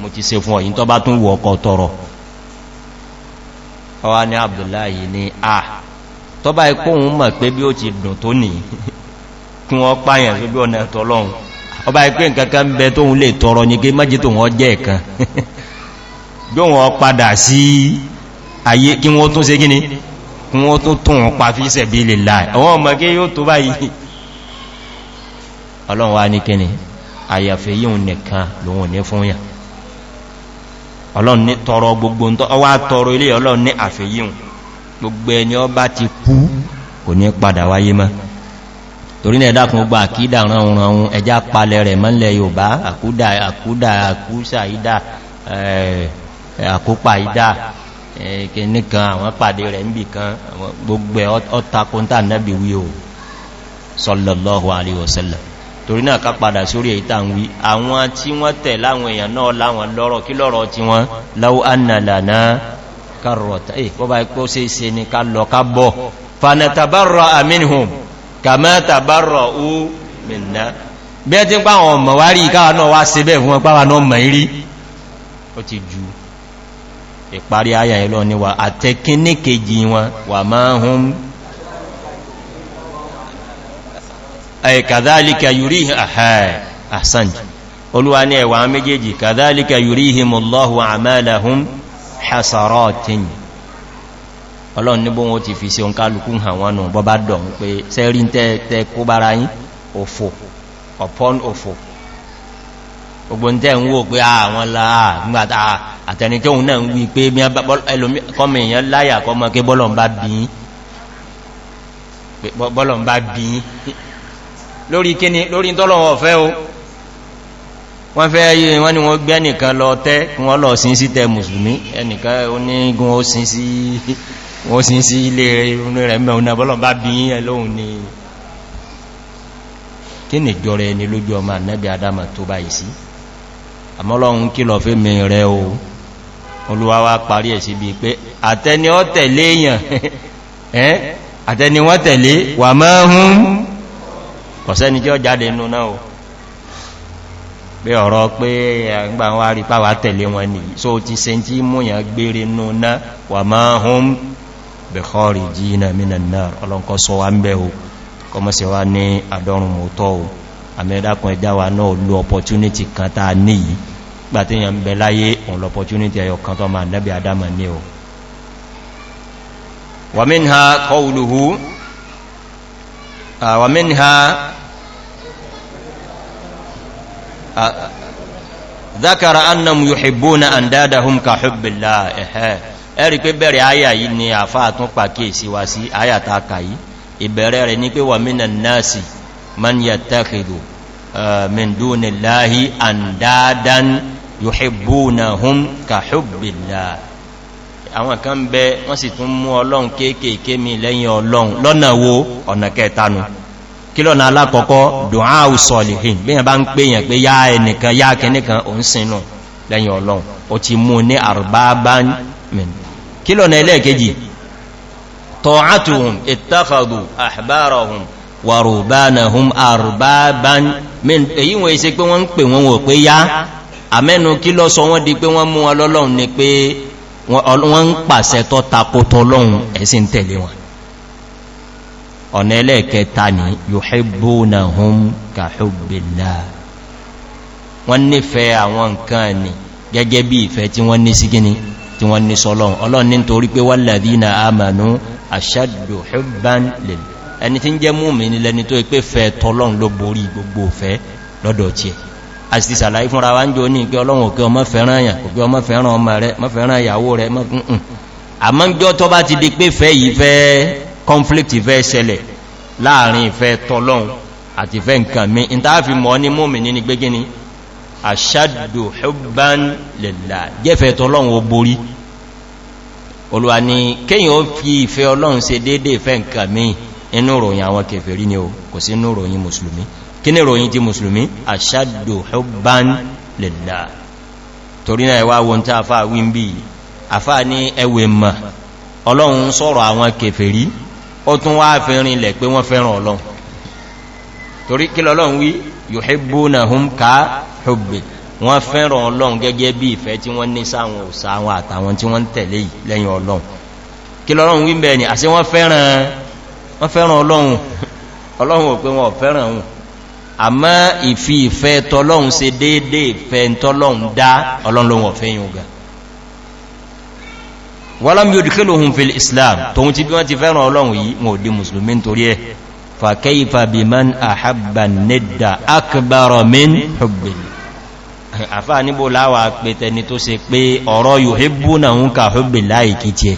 mo ti se fún ọ̀yìn tó bá tún wọ ọkọ̀ tọrọ ọwá ní abdullahi ní a tó bá ipò òun mọ̀ pé bí ó ti dùn tó nì kí wọ́n páyàn sí bí ọ̀nà tọ́lọ́run ọba ipé nkankan bẹ tóun lè tọrọ ní gé májí tóun ọjẹ́ ẹ̀kan bí wọ́n padà sí ayé kí wọ́n tún se gíní kí wọ́n tún tún wọn pa fi sẹ̀bí lè láì àwọn ọmọ gé yóò tó báyìí ọlọ́run wá ní kíni àyàfẹ́ yíò nìkan lòun ní fún yàn ọlọ́run ní tọrọ gbogbo ń tọ́ ọwá tọrọ ilé ọlọ́run ní àfẹ́yíun gbogbo ẹni ọ bá ti kú kò ní padà wáyé mọ́ torí ní ẹ̀dàkùn gba àkídà ránrun ẹjá palẹ̀ rẹ̀ mọ́lẹ̀ yóòbá àkúdà àkúdà àkúsà ìdá àkópa ìdá o sọ́lọ̀lọ́hù torí náà ká padà sórí èyí tàn wí àwọn tí wọ́n tẹ̀ láwọn èèyàn náà láwọn lọ́rọ̀ kí lọ́rọ̀ tí wọ́n láwọ́ annàlànà karọ̀ta eh bọ́bá ipò sí ṣe ní ká lọ ká bọ́ fanatabarra aminhum kàmẹ́ tabarra ó bí ẹ ti ń pàwọn ọmọ wá rí káwà náà wá sí bẹ́ẹ̀ fún wọn pàwà náà mọ̀ rí ó ti ju ìparí ayà ẹlọ́ ni wà àtẹ́kíníkejì wọn wà máa hún kàdálíkà yúrí àhásánj olúwa ní ẹ̀wà méjèèjì kàdálíkà yúrí himullahu àmàlàhún hasaratin ọlọ́run níbò wọn ti fi se òun kálukú hàn wọn nù bọ́bá dọ̀n pé sẹ́rí tẹ́ kó bára yín òfò upon òfò ogbon tẹ́ ń wò pé ah, àwọn láàá ah, nígbàtà ah, àtẹnikẹ́hùn náà ń wí pé kọmọ èèyàn láyà kọmọ kí bọ́lọ̀ ń bá bí lórí kíni lórí tọ́lọ̀wọ̀ fẹ́ o wọ́n fẹ́ ayé wọ́n ni wọ́n gbé ẹnìkan lọ tẹ́ kí wọ́n lọ sín sí tẹ mùsùlùmí ẹnìkan onígun ó sín sí ilé rẹ̀ mẹ́rin bọ́lọ̀ bá bí i ẹlóhun ni kí ni jọrọ ẹni lójú ọmọ ànẹ́bí adama tó bá ìsí àmọ́lọ́run kí lọ fẹ́ mi kọ̀sẹ́ni jẹ́ jáde inú náà o pé ọ̀rọ̀ pé àgbà wọn rí pàwà tẹ̀lé wọn ni so ti se tí múyàn gbére inú náà wà máa hún bẹ̀kọ́rì jí iná mínà náà ọlọ́nkọ́ sọ wá ń bẹ́ o kọmọ́sẹ̀ wá ní àdọ́rùn mọ́tọ́ o àmẹ́dàkùn ẹjá wa wàmínà zákàrà annam yuhibbuna andadahum ka hubbillah ẹ̀hẹ́ ẹ̀rí pé bẹ̀rẹ̀ àyà yìí ni àfáà tún pàkíyèsí wá sí àyà ta kà yìí ìbẹ̀rẹ̀ rẹ̀ ní pé wà mínà náàsì man yattakhidhu min dunillahi andadan yuhibbunahum ka hubbillah àwọn kan bẹ wọ́n sì tún mú ọlọ́run kéèkèé mi lẹ́yìn ọlọ́run lọ́nà wo ọ̀nà kẹtanu kí lọ́nà alákọ̀ọ́kọ́ dùnháù sọ̀lìhìn bí yàn bá ń pè yàn pé yá ẹnìkan yá kẹnìkan o ń sinú lẹ́yìn ọlọ́run o ti mú ní àrùbábán mìn kí lọ́nà ẹlẹ́ẹ̀kejì tọ́átùhùn ìtàfàdù àhbárahùn wàrùbánahùn àrùbábán mìn èyí wọ́n iṣẹ́ pé wọ́n ń pè wọ́n wò ọ̀nà ẹlẹ́ẹ̀kẹta ni yuhibbunahum ka hubbillah wọ́n nífẹ̀ẹ́ àwọn nǹkan ni gẹ́gẹ́ bí ìfẹ́ tí wọ́n ní sí gíní tí wọ́n ní sọ́lọ́n ọlọ́n ní torí pé walladhina amanu ashaddu hubban lil ẹni tí ń jẹ́ múmi lẹni tó pé fẹ́ tọ́lọ́n ló borí gbogbo fẹ́ lọ́dọ̀ tí ẹ̀ àti sàlàyé fúnra wá ń jò ní pé ọlọ́run òkè ọmọ fẹ́ràn àyà òkè ọmọ fẹ́ràn ọmọ rẹ̀ mọ́fẹ́ràn ìyàwó rẹ̀ conflict ìfẹ́ ṣẹlẹ̀ láàrin ìfẹ́ tọ́lọ́un àti ìfẹ́ nǹkan mi in ta fi mọ́ ní mọ́mìnì ní gbégé ni ashaddu hubban lillah jẹ́fẹ́ tọ́lọ́un ó borí olúwa ni kéyàn ó fi ìfẹ́ ọlọ́run ṣe déédé ìfẹ́ nǹkan mi inú ròyìn àwọn kèfèrí ni o kò sí inú ròyìn musulmi kí ní ròyìn ti musulmi ashaddu hubban lillah torí náà ẹwà wọn tí a fà wí ń bí àfà ní ẹwẹ̀ mọ̀ ọlọ́run sọ̀rọ̀ àwọn kèfèrí ó tún wá fi rinlẹ̀ pé wọ́n fẹ́ràn ọlọ́run torí kí lọ́lọ́run wí yuhibbunahum ka hubbi wọ́n fẹ́ràn ọlọ́run gẹ́gẹ́ bí ìfẹ́ tí wọ́n ní sáwọn òsà àwọn àtàwọn tí wọ́n tẹ̀lé lẹ́yìn ọlọ́run kí lọ́lọ́run wí bẹ́ẹ̀ ni àṣẹ wọ́n fẹ́ràn ọlọ́run ọlọ́run ò pé wọn ìfi ìfẹ́ tọ́lọ́run ṣe déédéé ìfẹ́ tọ́lọ́run dá ọlọ́run lóhun ọ̀fẹ́ yóò gan wọ́lọ́m yóò dìkílò hùn fi islam tóhun ti bí wọ́n ti fẹ́ràn ọlọ́run yìí wọ́n dí musulmi torí ẹ fàkẹ́ifà bí man àhábà nìdà akbaro min hubbin àfá níbò láwà pẹ̀tẹ̀ ni tó se pé ọ̀rọ̀ yóò hébú na ń ka hubbin láì kìtì ẹ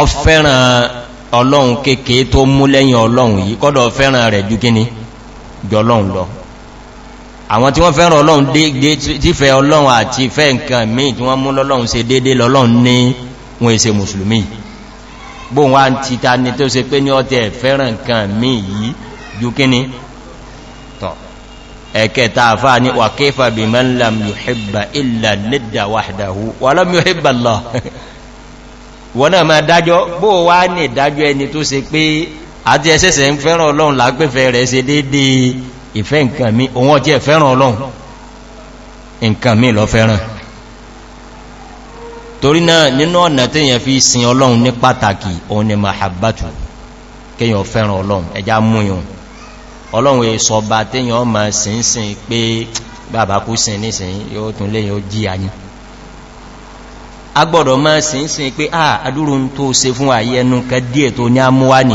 ọ fẹ́ràn ọlọ́run kéèkéé tó mú lẹ́yìn ọlọ́run yìí kọ́dọ̀ fẹ́ràn rẹ̀ ju kíní jọlọ́run lọ àwọn tí wọ́n fẹ́ràn ọlọ́run dédé tí fẹ́ ọlọ́run àti fẹ́ nǹkan míì tí wọ́n mú lọ́lọ́run se dédé lọ́lọ́run ní wọn èsè mùsùlùmí bóhun wá ti ta ní tó ṣe pé ní ọtẹ̀ fẹ́ràn nǹkan míì yìí ju kíní tọ̀ ẹ̀kẹta àfá ní wàkífà bí man lam yuhibba illa nidda wahdahu wa lam yuhibba Allah wọ́n náà máa dájọ́ bó wá ní ìdájọ́ ẹni tó ṣe pé àti ẹsẹ́sẹ̀ ń fẹ́ràn ọlọ́run lágbẹ́fẹ́ rẹ̀ ṣe déédéé ìfẹ́ nǹkan mi òun ọjẹ́ fẹ́ràn ọlọ́run nǹkan mi lọ fẹ́ràn torí náà nínú ọ̀nà tí èyàn fi sin ọlọ́run ní pàtàkì òun ni mahabbatu kíyàn fẹ́ràn ọlọ́run ẹjá múyàn ọlọ́run èso bá tíyàn ma sin sin pé bàbá kú sin nísin yóò tún lè yóò jí àní agbọ́dọ̀ ma sin sin pé ah adúrún tó se fún àyẹnu kẹ díẹ̀ tó ní àmúwá nì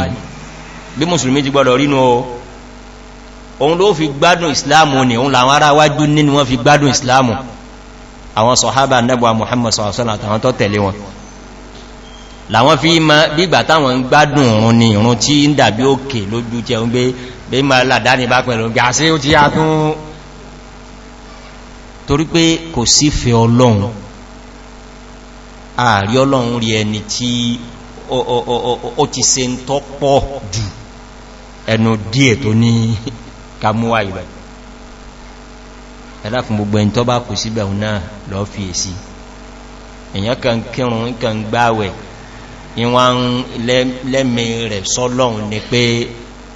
bí mùsùlùmí ti gbọ́dọ̀ rínú o òun ló fi gbádùn islamu ni òun làwọn ará wájú nínú wọn fi gbádùn islamu àwọn sọ̀hábà nẹ́bà muhammad sọ̀rọ̀sọ́lá àtàwọn tó tẹ̀lé wọn làwọn fi ma bígbà táwọn ń gbádùn òun ni ìrún tí ń dàbí òkè lójú jẹun gbé bí ma làdáni bá pẹ̀lú gàásí ó ti yá tún torí pé kò sí fẹ́ ọlọ́run ààrí ọlọ́run rí ẹni tí ó ti se ń tọ́pọ̀ jù ẹnu díẹ̀ tó ní kàmúwà ìbẹ̀ ẹlákùn gbogbo ẹni tó bá kù síbẹ̀ náà lọ fi èsì èyàn kan kírùn kan gbáwẹ̀ ìwọ̀n lẹ́mẹ̀ rẹ̀ sọ́lọ́un ni pé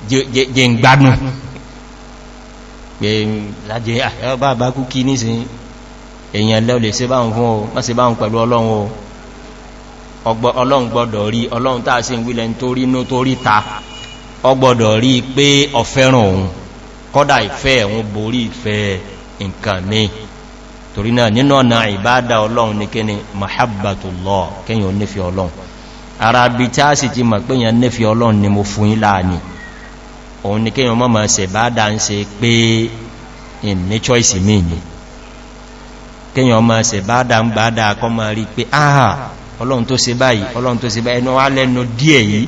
jẹ́ ń gbádùn pé lájẹ́ àyọ́bá bá kú kí nísìn èyàn lẹ́ọ̀lẹ̀ sí báhùn fún o má sí báhùn pẹ̀lú ọlọ́run o rí pé ọ̀fẹ́ràn òun kọ́dà ìfẹ́ ẹ̀hún borí ìfẹ́ nǹkan ní torí náà nínú ọ̀nà ìbádà ọlọ́run ní kíni mahabbatullah kíyàn onífẹ́ ọlọ́run ara bí tí a sì ti mọ̀ pé yàn nífẹ́ ọlọ́run ni mo fún yí láàní òun ni kíyàn mọ́ mọ́ sí bádà ń se pé ní choice mi ni kíyàn mọ́ sí bádà ń bádà kọ́ mọ́ rí pé ah ọlọ́run tó se báyìí ọlọ́run tó se báyìí ẹnu wá lẹ́nu díẹ̀ yìí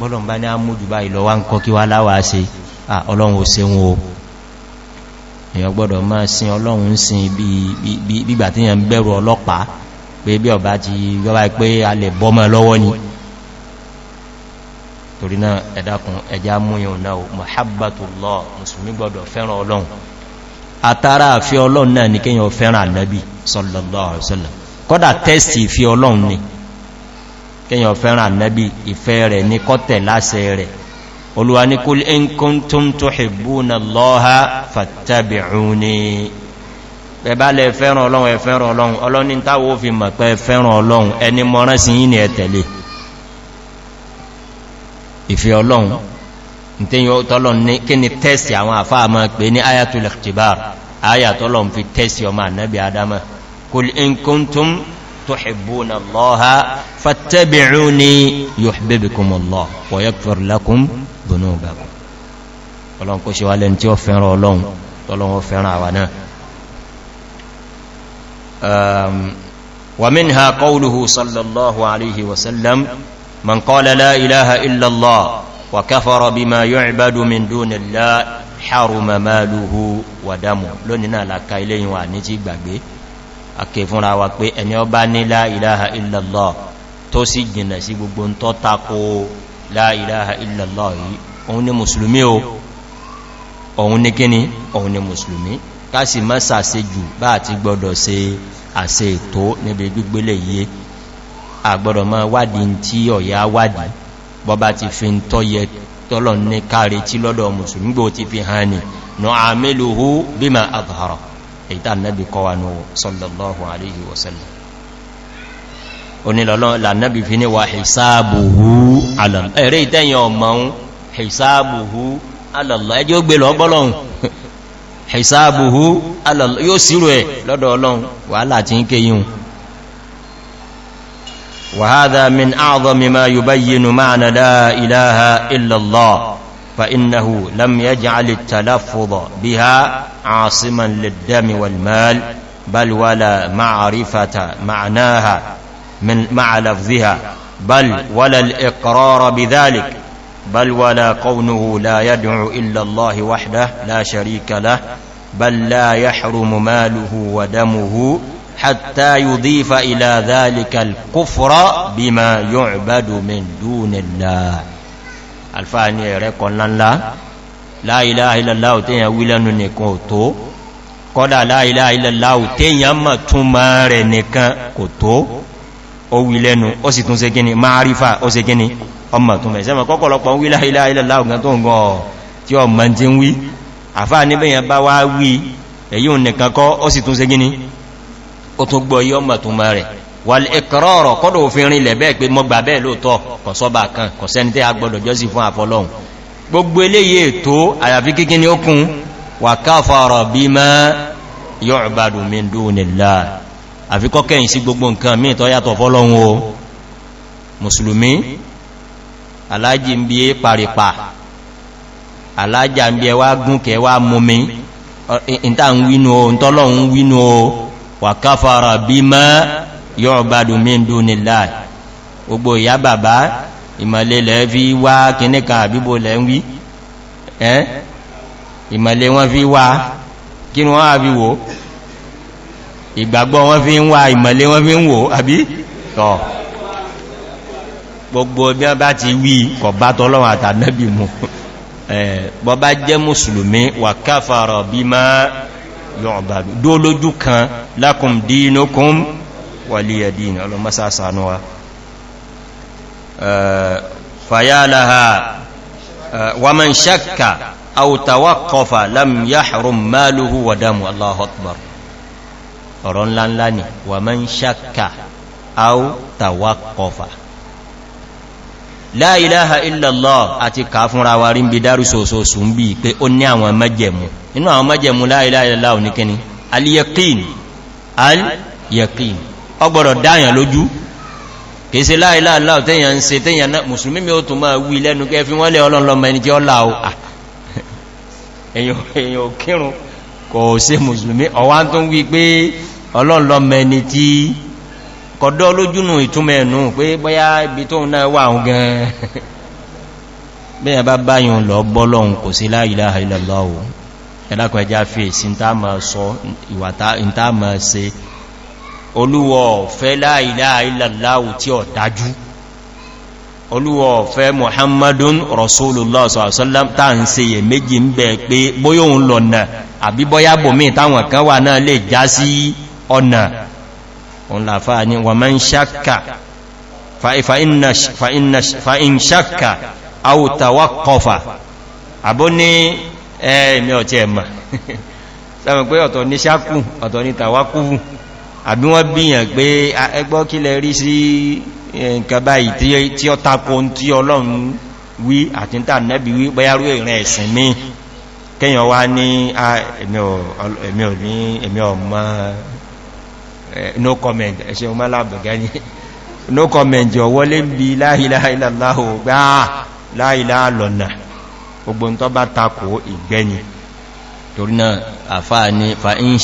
bọ́lọ̀ bá ní àmójú bá ìlọ́wà ń kọ́ kí wá láwà sí ọlọ́run ò se wọn o èyàn gbọ́dọ̀ máa sin ọlọ́run sin bígbà tí yàn bẹ̀rù ọlọ́pàá pé bí ọba ti gọ́bá pé a lè bọ́mọ lọ́wọ́ ni torí náà ẹ̀dàkùn ẹja múyàn náà mọ̀hábàtùlọ́ musulmi gbọ́dọ̀ fẹ́ràn ọlọ́run àtàrà fi ọlọ́run náà ní kíyàn kíyàn fẹ́ràn nẹ́bí ìfẹ́ rẹ̀ ní kọ́tẹ̀ láṣẹ rẹ̀ olúwa ní kúlé in kuntum tuhibbuna Allaha fattabi'uni bẹ̀bá lẹ fẹ́ràn ọlọ́run ẹ̀fẹ́ràn ọlọ́run ọlọ́ni táwọ́ fi mọ̀ pé fẹ́ràn ọlọ́run ẹni mọ́rán sí تحبون الله فاتبعوني يحببكم الله ويغفر لكم ذنوبكم ọlọ́run kó ṣe wá lẹ́ni tí ó fẹ́ràn ọlọ́run tọ́lọ́run ó fẹ́ràn àwà náà wà mín ha kọ́wùlùhù sallallahu alaihi wasallam man kọ́lá lá'iláha illallah wa káfàrọ̀ bí ma yóò ìbádù min dúnilá haruma maluhu wa damu lónìí náà ake fúnra wa pé ẹni ọba ní láìláha ìlàlọ́ tó sì jìnà sí gbogbo ń tọ́ tako láìláha ìlàlọ́ yìí òun ni musulmi o òun ni kíni òun ni musulmi kásì má sàse jù bá àti gbọdọ̀ se àse ètò níbi gbígbélé yìí àgbọdọ̀ ma wádìí tí ọ̀yá wádìí bọ́bá ti fi ń tọ́yẹ ìta annabi kọwànú sallallahu alaihi wasallam onílọ́lọ́lọ́nàbí fi ní wa hisabuhu alàlá ẹ̀rẹ́ ìtẹ́yàn ọmọun hisabuhu alàlá ẹjẹ́ ó gbé lọ bọ́lọ́un hisabuhu alàlá yóò sírò ẹ̀ lọ́dọ̀ ọlọ́un wàhálà ti ń ké yíun wàhádà min áàdọ̀ mímá yubayyinu ma'ana la فإنه لم يجعل التلفظ بها عاصما للدم والمال بل ولا معرفة معناها من مع لفظها بل ولا الإقرار بذلك بل ولا قونه لا يدعو إلا الله وحده لا شريك له بل لا يحرم ماله ودمه حتى يضيف إلى ذلك الكفر بما يعبد من دون الله alfáà ní ẹ̀rẹ́ kọ̀nlá la ilaha illallah tẹ́yàn wílẹ́nu nìkan ò tó kọ́dà la ilaha illallah tẹ́yàn mọ̀ tún mọ́ rẹ̀ nìkan kò tó ó wílẹ́nu ó sì tún ségíní máàrífà ó ségíní ọmọ tún mẹ́ sẹ́mọ̀ kọ́kọ̀lọpọ̀ wí la ilaha illallah gan tó ń gan ọ̀ tí ọ mọ́ tí ń wí àfáà níbẹ̀yàn wàlìkọ́rọ̀rọ̀ kọ́dọ̀ òfin rin lẹ̀bẹ́ pé mọ́gbà bẹ́ẹ̀ lóòtọ́ kọ̀sọ́bà kan kọ̀sẹ́ni tẹ́ agbọ́dọ̀ jọ́sí fún àfọlọ́hun gbogbo eléyè tó àyàfi kíkí ní ókun wà káfàrọ̀ bí mọ́ yọ́ọ̀bàdù mìndú nìlá àfikọ́kẹ́yìn sí gbogbo nǹkan mí tọ́ yàtọ̀ fọ́lọ́hun o yóò bá dùmíndú nílá gbogbo ìyá bàbá ìmọ̀lẹ̀ lẹ́ fi wá kìníkà àbíbò lẹ́ ń wí ẹ́ ìmọ̀lẹ̀ wọ́n fi wá kí wọ́n á fi wò ìgbàgbọ́ wọ́n fi ń wá ìmọ̀lẹ̀ wọ́n fi ń wò àbí tọ́ gbogbo bí wọ́n bá ti wí kọ̀ waliya din ọlọ́mọ́sá sanuwa eh, fayalaha eh, waman shakka aw tawaqqafa lam yahrum maluhu wa damu allahu akbar ọ̀rọ̀ ńláńlá ni waman shakka aw tawaqqafa la ilaha illallah àti kà fúnra wa rí ń bí dárúsọ̀sọ̀sọ̀ ń bí pé ó ní àwọn mẹ́jẹ̀mú inú àwọn mẹ́jẹ̀mú la ilaha illallah ò ní kíni al-yaqin al-yaqin ọgbọ̀rọ̀ dáyàn lójú kèsè láìláàlá tẹ́yàn ń se tẹ́yàn náà musulmi mi ó tún máa wí lẹ́nu kẹ́ fi wọ́n lẹ́ ọlọ́lọ́mọ ẹni jẹ́ ọlá o ah. èyàn òkírun kò sí musulmi ọwá tó ń wí pé ọlọ́lọ́mọ ẹni tí kọ̀dọ́ lójúnù ìtúnmẹ̀ẹ̀nù pé bọ́yá ibi tó ń náà wà ń gan bẹ́yàn bá báyàn lọ bọ́lọ́un kò se olúwọ̀ ọ̀fẹ́ láìláà ìlàláwù tí ọ̀ dájú olúwọ̀ ọ̀fẹ́ muhammadun rasulullah sallam ta ń se yẹ méjì ń bẹ̀ pé bóyá òun lọ̀nà àbí bóyá bòmí táwọn kan wà náà lè já sí ọ̀nà òun làfà ní wọ́n ẹ̀ẹ̀mí ọ̀tí ẹ̀mà sáwọn pé ọ̀tọ̀ ní ṣákù ọ̀tọ̀ ní tàwákúhù àbí wọ́n bíyàn pé ẹgbọ́ kí lẹ rí sí nǹkan báyìí tí ó tako tí ọlọ́run wí àti tà nẹ́bí wí pẹ́yàrú ìrìn ẹ̀sìn mi kíyàn wá ní ẹ̀mí ọmọ no comment ẹ̀ṣẹ́ ọmọ alábọ̀gá ní no comment jọ wọlé ń bí láìláìláìláhò gbá láìláàlọ́nà gbogbo tó bá tako ìgbẹ́ni torí náà fa in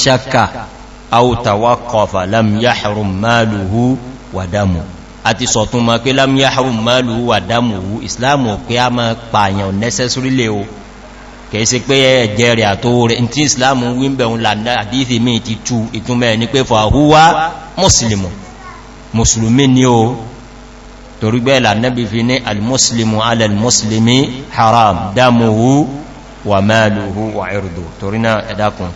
أو توقف لم يحرم ماله ودمه àti sọ̀tún ma pé lám yáhùn máàlù wà dámùwú islamu pé a máa pààyàn necessary lè o kìí sí pé ẹ̀jẹ́ rẹ̀ àtó rẹ̀ tí islamu wímbẹ̀un lànà àdíthì mí ti tú ìtúnmẹ́ ní pé fàáhúwá mùsùlùmù mùsùlùmí ni o torí lànàbí fi ní alìmùsùlùmù alìmùsùlùmí haram dámùwú wà máàlù wà ẹ̀rùdù torí náà ẹ̀dàkùn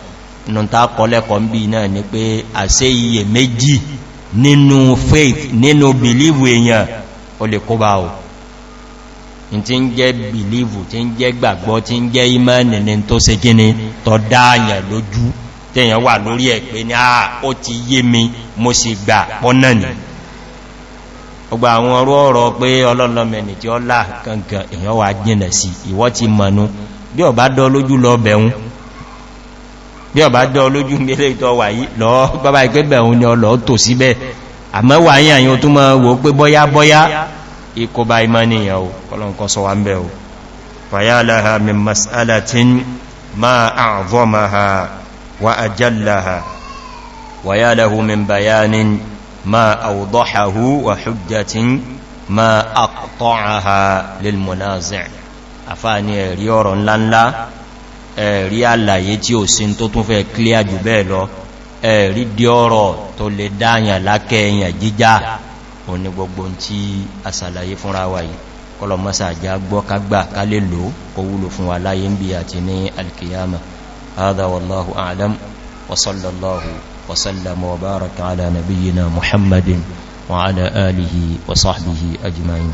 nùta kọlẹ́kọ̀ ń bí náà ni pé àṣẹ iye méjì nínú faith nínú believe èèyàn o lè kó bá o in ti ń jẹ́ believe ti ń jẹ́ gbàgbọ́ ti ń jẹ́ imani ni tó se gíní tọ́ dáàyàn lójú tẹ́yàn wà lórí ẹ̀ pé ní àà ah, ó ti yé mi mo sì gbà pọ́nà ni ọgbà àwọn bí ọ̀bá dọ́ lójú lọ bẹ̀un bí ọba dọ́ olójú mẹ́lẹ̀ ìtọ́ wà yí lọ bábá ìpẹ́bẹ̀ òun ni ọlọ́ tò síbẹ̀ àmọ́ wà yí àyín tó máa wò pé bọ́yá bọ́yá ìkọba ìmá nìyàn o kọlọ̀nkọ́ sọ wà ń bẹ̀ o fàyàláha min mas'alatin ma a'zamaha wa ajallaha wa aqta'aha lil munazi' afani ẹ̀rí ọ̀rọ̀ ńláńlá ẹ̀rí àlàyé tí ó sin tó tún fẹ́ clear jù bẹ́ẹ̀ lọ ẹ̀rí dí ọ̀rọ̀ tó lè dáyàn lákẹ́ èyàn jíjá òní gbogbo tí a sàlàyé fúnra wà yìí kọlọmọ́sà já gbọ́ kagbà ká lè lò kó wúlò fún wa ń bí àti ní alkiyama هذا والله أعلم وصلى الله وسلم وبارك على نبينا محمد وعلى آله وصحبه أجمعين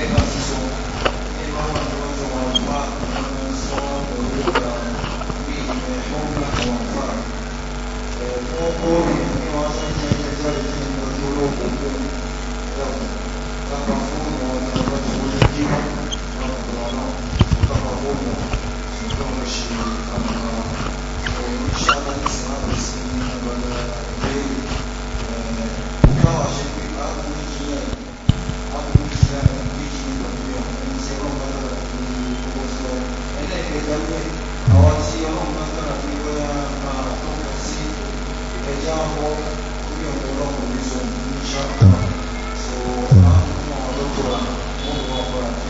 私。ìgbàgbé àwọn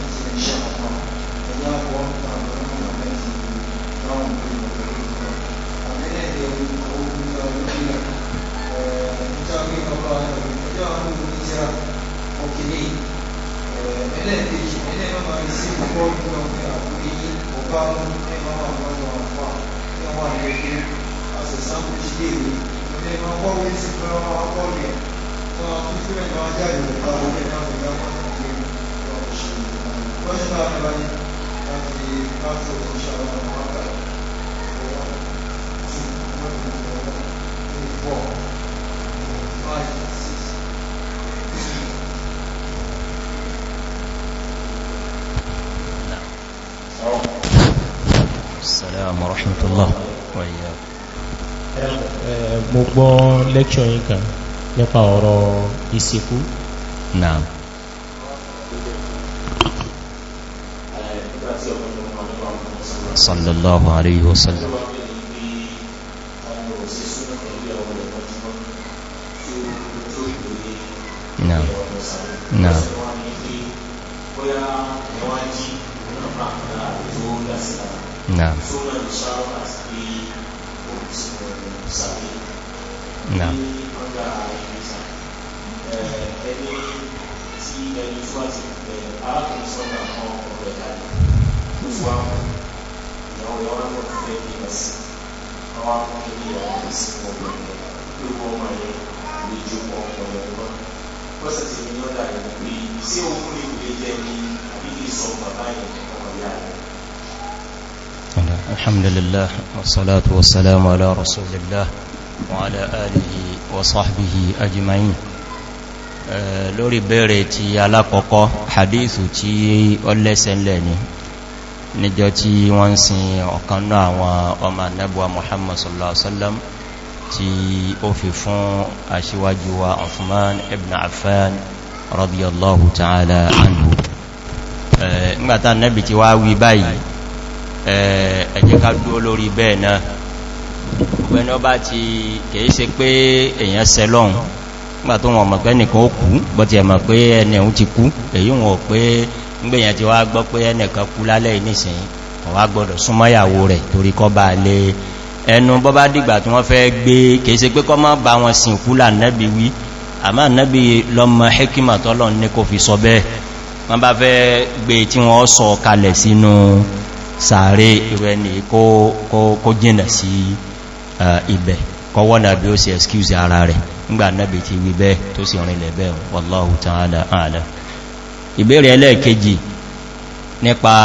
bá mú ní ọmọ àwọn ọmọ ọmọ ní ọmọ àgbègbè ọ̀sẹ̀ sáńpìtì léèrè ní ọmọ ọgbọ́n wí sí pé ọmọ ọgbọ́n yẹn tó wọn fi sílẹ̀ ní wọn jáde nípa wọn ní wọn fi dáwọ́ àti ọ̀ṣun. wọ́n ṣe bá wọn lọ ní láti bá السلام ورحمة الله وإياكم مبو لكشوين كان يبقى ورو نعم صلى الله عليه وسلم نعم نعم نعم الحمد لله والصلاة والسلام على رسول الله وعلى آله وصحبه أجمعين lórí bẹ̀rẹ̀ ti alákọ̀ọ́kọ́ hadithu tí ó lẹ́sẹ̀lẹ̀ ni níjọ tí wọ́n sin ọ̀kan náà àwọn ọmọ annabuwa muhammad sallallahu alaihi wasallam tí ó fi fún aṣíwájú wa ọ̀fúnmán ibn afan radiyallahu ta'ala anhu nígbàtà annabi ti wá wí báyìí ẹ̀jẹ́ ká dúó lórí bẹ́ẹ̀ náà gbẹni ọba ti kìí ṣe pé èyàn ṣẹ lọ́hun nígbà tó wọn mọ̀ pé ẹnìkan ó kú bọ́ ti ẹ̀mọ̀ pé ẹnìyàn ti kú èyí wọn pé ngbèyàn ti wá gbọ́ pé ẹnìkan kú lálẹ́ ìnísìn ọwá gbọ́dọ̀ súnmọ́yàwó rẹ̀ torí kọ́ bá lé ẹnu bọ́ bá dìgbà tí wọ́n fẹ́ gbé kìí ṣe pé kọ́ má bá wọn sìn kú là nẹ́bí wí àmá nẹ́bí lọ́mọ hekima tọ́lọ̀ ní kò fi sọ bẹ́ẹ̀ wọ́n bá fẹ́ gbé e tí wọ́n sọ kalẹ̀ sínú sàárè ìrẹ́ni kó jìnà sí i Eh, ibẹ̀ kọwọ́nà bí ó sì excuse ara rẹ̀ ńgbà náàbì ti wí bẹ́ẹ̀ tó sì rìn lẹ̀ bẹ́ẹ̀ wallahu ta'ala a'lam ìbéèrè ẹlẹ́ẹ̀kejì nípa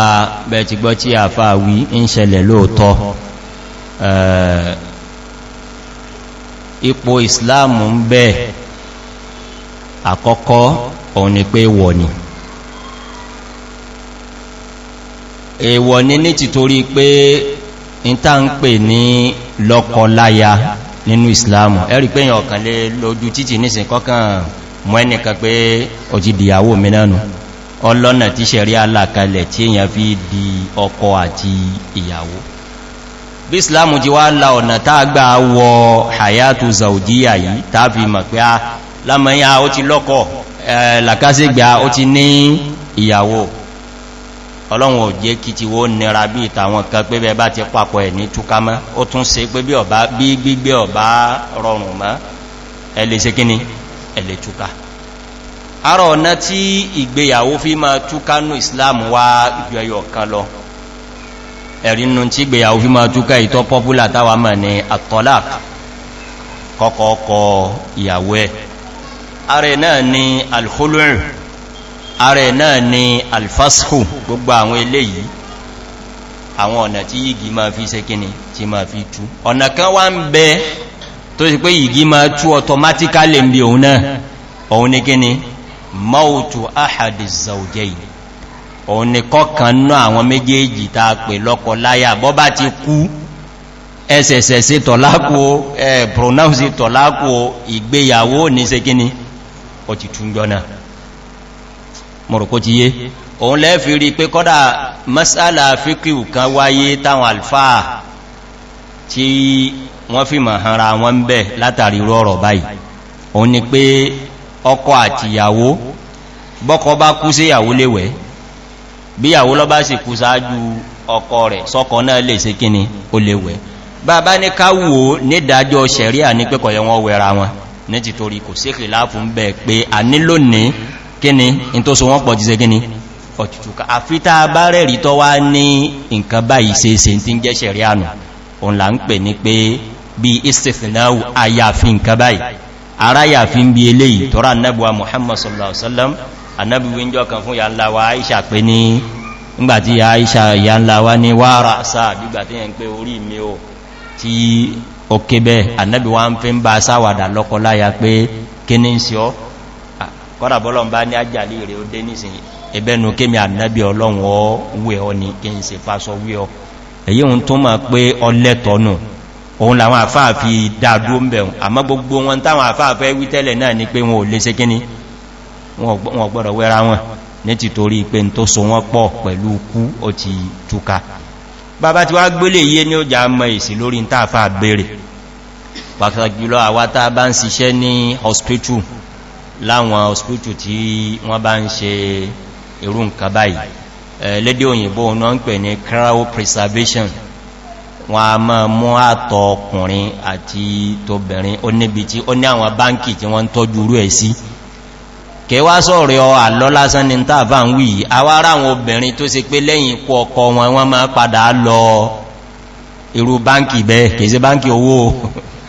eh, ni pé wọ̀ ìta ń pè ní lọ́kọláya nínú islamu ẹ̀rí pé yàn ọ̀kan lè lójú títì nísìn kọ́kàn mọ́ ẹnìkan pé ọjí dìyàwó mìnánù ọlọ́nà tí ṣẹ̀rí alákalẹ̀ tí èyàn fi di ọkọ àti ìyàwó bí islamu ti wá la ọ̀nà táa gbà wọ hayatu zaudiya yìí táa fi mọ̀ pé a lámọ́yá ó ti lọ́kọ̀ làkásígbà ó ti ní ìyàwó ọlọ́run ò jẹ́ kí ti wó nira bí ìtàwọn kan pé bẹ bá ti papọ̀ ẹ̀ ní túká mọ́ ó tún se pé bí ọba bí gbígbé ọba rọrùn mọ́ ẹlẹ́ se kíní ẹlẹ́ túká àrọ̀ ọ̀nà tí ìgbéyàwó fi ma túká nù islam wá ìjọyọ̀ kan lọ ẹ̀rínú tí ìgbéyàwó fi ma túká ìtọ́ pọ́pùlà táwà mọ̀ ní àtọ́lá kọ́kọ́ ìyàwó ẹ̀ ààrẹ náà ni alhulun ààrẹ náà ni alfasku gbogbo àwọn eléyìí àwọn ọ̀nà tí yìgì ma fi ṣe kíni tí máa fi tú ọ̀nà kan wá ń bẹ tó sì pé yìgì máa tú automatically ń bí òun náà òun ni kíni mautu ahadi òun ni kọkàn náà àwọn méjèèjì ta pè lọ́kọ láyà bọ́ bá ti kú ẹsẹsẹ sí tọ̀lákù pronounce tọ̀lákù ìgbéyàwó ní ṣe kíni ó ti túnjọ náà mọ̀rọ̀kó ti yé òun lẹ́ẹ̀fì rí pé kọ́dà masala fíkíù kan wáyé táwọn alfáà tí wọ́n fi mọ̀ hanra wọn bẹ̀ látàrí rọrọ̀ báyìí òun ni pé ọkọ àti ìyàwó bọ́kọ bá kú sí ìyàwó léwẹ̀ bí ìyàwó lọ bá sì kú sáájú ọkọ rẹ̀ sọ́kọ náà lè sí kíni ó léwẹ̀ bàbá ní káwò nídájọ́ sẹ̀ríà ní pẹ́kọ̀ yẹ wọ́n wẹra wọn ní títorí kò sí kìláàfún bẹ́ẹ̀ pé a nílò ní kíni in tó so wọ́n pọ̀ jíse kíni ọ̀tùtùkà àfíta bá rẹ̀rí tọ́ wá ní nǹkan báyìí se se tí ń jẹ́ ṣẹ̀rí ànù òun là ń pè ní pé bí istifinawu ayàfi nǹkan báyìí ara bí eléyìí tọ́rọ annabuwa muhammad sallallahu alaihi wasallam annabi wíńjọ kan fún ya ńlá wa aisha aisha ya ńlá wa ní wára sáà bí gbàtí yẹn pé orí mi o tí ó kébẹ̀ kọ́dà bọ́lọ̀n bá ní àjàlì rẹ̀ ó dé nìsìn ẹbẹ́nu kémi ànábí ọlọ́run ọ wé ọ ní kí n se fásọ wé ọ èyí hun tó máa pé ọlẹ́tọ̀nù òun làwọn àfáàfi dáadó ń bẹ̀rùn àmọ́ gbogbo wọn táwọn àfáàfẹ́ wítẹ́lẹ̀ náà ni pé wọn ò lè sé kíní wọn gbọ́dọ̀ wẹ́ra wọn ní ti torí pé n tó so wọn pọ̀ pẹ̀lú kú ó ti hospital láwọn ọ̀spítù tí wọ́n bá ń ṣe irú nǹkan báyìí lédè òyìnbó ọ̀nà ń pè ní cryopreservation wọ́n a máa mú àtọ̀ ọkùnrin àti tóbìnrin ó níbi tí ó ní àwọn báńkì tí wọ́n ń tọ́jú rú ẹ̀ sí kẹwàá sọ̀rọ̀ àlọ́ lásán ní tàbà ń awárá àwọn obìnrin tó se pé lẹ́yìn ikú ọkọ wọn wọ́n máa padà lọ irú báńkì bẹ́ẹ̀ kèsí báńkì owó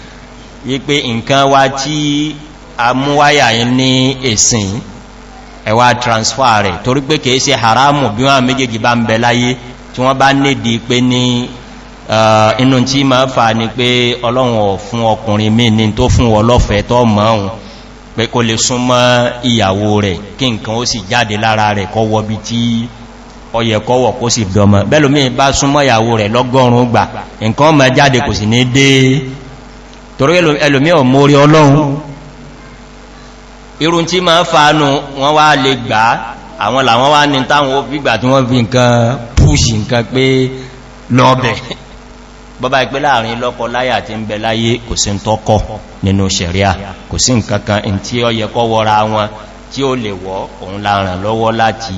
wípé nǹkan wa tí àmúwáyà yìí ní èsìn ẹwà transfer rẹ̀ torí pé kìí sí haramu bí wọ́n méjèèjì bá ń bẹ láyé tí wọ́n bá nìdí pé ní inú tí ma fa ní pé ọlọ́run fún ọkùnrin mí ní tó fún ọlọ́fẹ́ tó mọ́un pé kó lè súnmọ́ ìyàwó rẹ̀ kí nǹkan ó sì jáde lára rẹ̀ kọ́ wọ bí tí ọyẹ̀ kọ́wọ̀ kó sì dọmọ bẹ́lùmí bá súnmọ́ ìyàwó rẹ̀ lọ́gọ́rùn gbà nǹkan mọ́ jáde kò sì ní dé torí ẹlòmí ọmọ orí ọlọ́run irun tí ma fàánù wọ́n wá lè gbà àwọn làwọn wá ní táwọn gbígbà tí wọ́n fi nǹkan púṣì nǹkan pé lọ́bẹ̀ bọ́bá ìpé láàrin lọ́kọ láyà tí ń bẹ láyé kò sí tọ́kọ nínú sẹ̀ríà kò sí nǹkankan in tí ó yẹ kọ́ wọ́ra wọn tí ó lè wọ́ òun láàrin lọ́wọ́ láti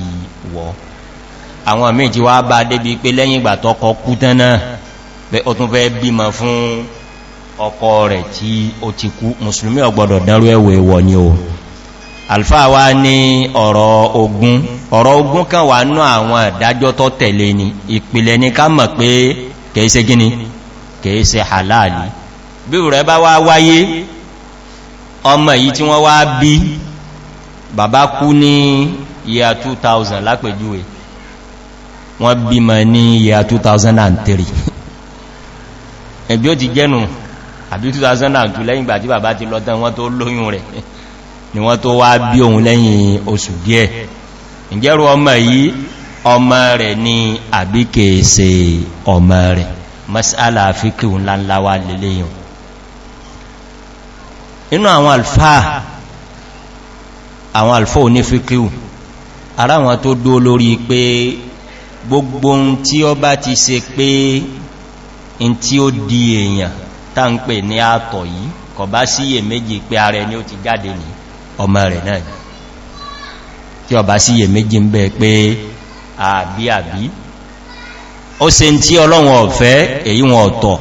wọ́ àwọn méjì wá bá débi pé lẹ́yìn ìgbà tọ́kọ kú tánà pé ó tún fẹ́ bímọ fún ọkọ rẹ̀ tí ó ti kú mùsùlùmí ọgbọ̀dọ̀ dánrú ẹ̀wọ̀ ni o alfa wa ní ọ̀rọ̀ ogun ọ̀rọ̀ ogun kan wà ní àwọn ìdájọ́ tó tẹ̀lé ni ìpìlẹ̀ ní ká mọ̀ pé kèése gíní kèése halali bí rẹ̀ bá wá wáyé ọmọ yìí tí wọ́n wá bí bàbá kú ní year 2000 lápẹjúwe wọ́n bí mọ̀ ní year 2003 ẹ̀bí ó ti jẹ́nu àbí 2002 lẹ́yìn gbà tí bàbá ti lọ wọ́n tó lóyún rẹ̀ ni wọ́n tó wá bí òun lẹ́yìn oṣù díẹ̀ ìjẹ́rù ọmọ yìí ọmọ rẹ̀ ni àbí kèèsè ọmọ rẹ̀ masala fíkì ńláńlá wà lélẹ́yìn inú àwọn alfáà àwọn alfáà ò ní fíkì ara wọn tó dó lórí pé gbogbo tí ọ bá ti se pé in tí ó di èèyàn tá ní àtọ̀ yìí kọ̀ bá síyè méjì pé ara ẹni ó ti jáde nìí ọmọ rẹ̀ náà tí ọba sí yẹ méjì ń bẹ pé àbí àbí ó se tí ọlọ́run ọ̀fẹ́ èyí wọn ọ̀tọ̀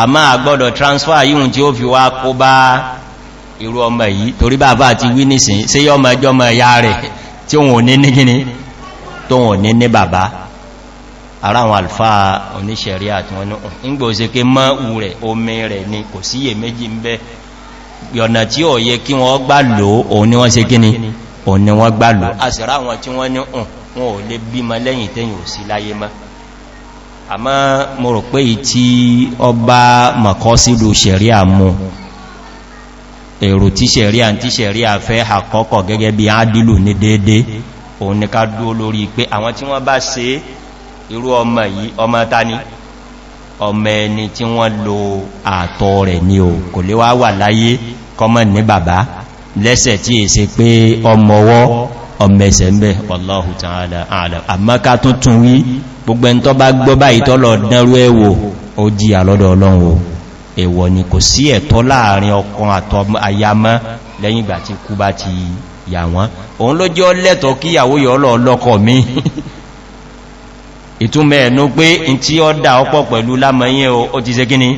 a máa gbọ́dọ̀ transfer yíhun tí ó fi wá kó bá irú ọmọ yìí torí bàbá àti wí nìsìn sí ọmọ ẹjọ́ ọmọ ẹ̀yà rẹ̀ tí wọn ní ní gíní tó wọn ní ní bàbá ara alfa oníṣẹ̀rí àti wọn ní ìgbòsèké mọ́ ù omi rẹ̀ ni kò síyè méjì ń bẹ́ẹ̀ yọ̀nà tí ó yẹ kí wọ́n gbà lò òun ni wọ́n ṣe kíní òun ni wọ́n gbà lò a sì rá àwọn tí wọ́n ní ùn wọn ò lè bímọ lẹ́yìn tẹ́yìn ò sí láyé mọ́ àmọ́ mo rò pé tí ọba makọ́sílù sẹ̀ríà mú èrò tí sẹ̀ríà tí sẹ̀ríà fẹ́ àkọ́kọ̀ gẹ́gẹ́ bí ádìlù ní dédé òun ni ká dúó lórí pé àwọn tí wọ́n bá se irú ọmọ yìí ọmọ tani ọmọ ẹni tí wọ́n lo àtọ̀ rẹ̀ ni o kò lè wá wà láyé kọmọ̀ ní bàbá lẹ́sẹ̀ tí è se pé ọmọwọ́ ọmọẹsẹ̀ ń bẹ́ wallahu ta'ala a'lam àmọ́ ká tún tún wí gbogbo ẹn tó bá gbọ́ báyìí tọ́lọ̀ dánrú ìtúnmẹ̀ ẹ̀nú pé in tí ó dá ọpọ̀ pẹ̀lú lámọ̀yẹ́ o ti ṣe gíní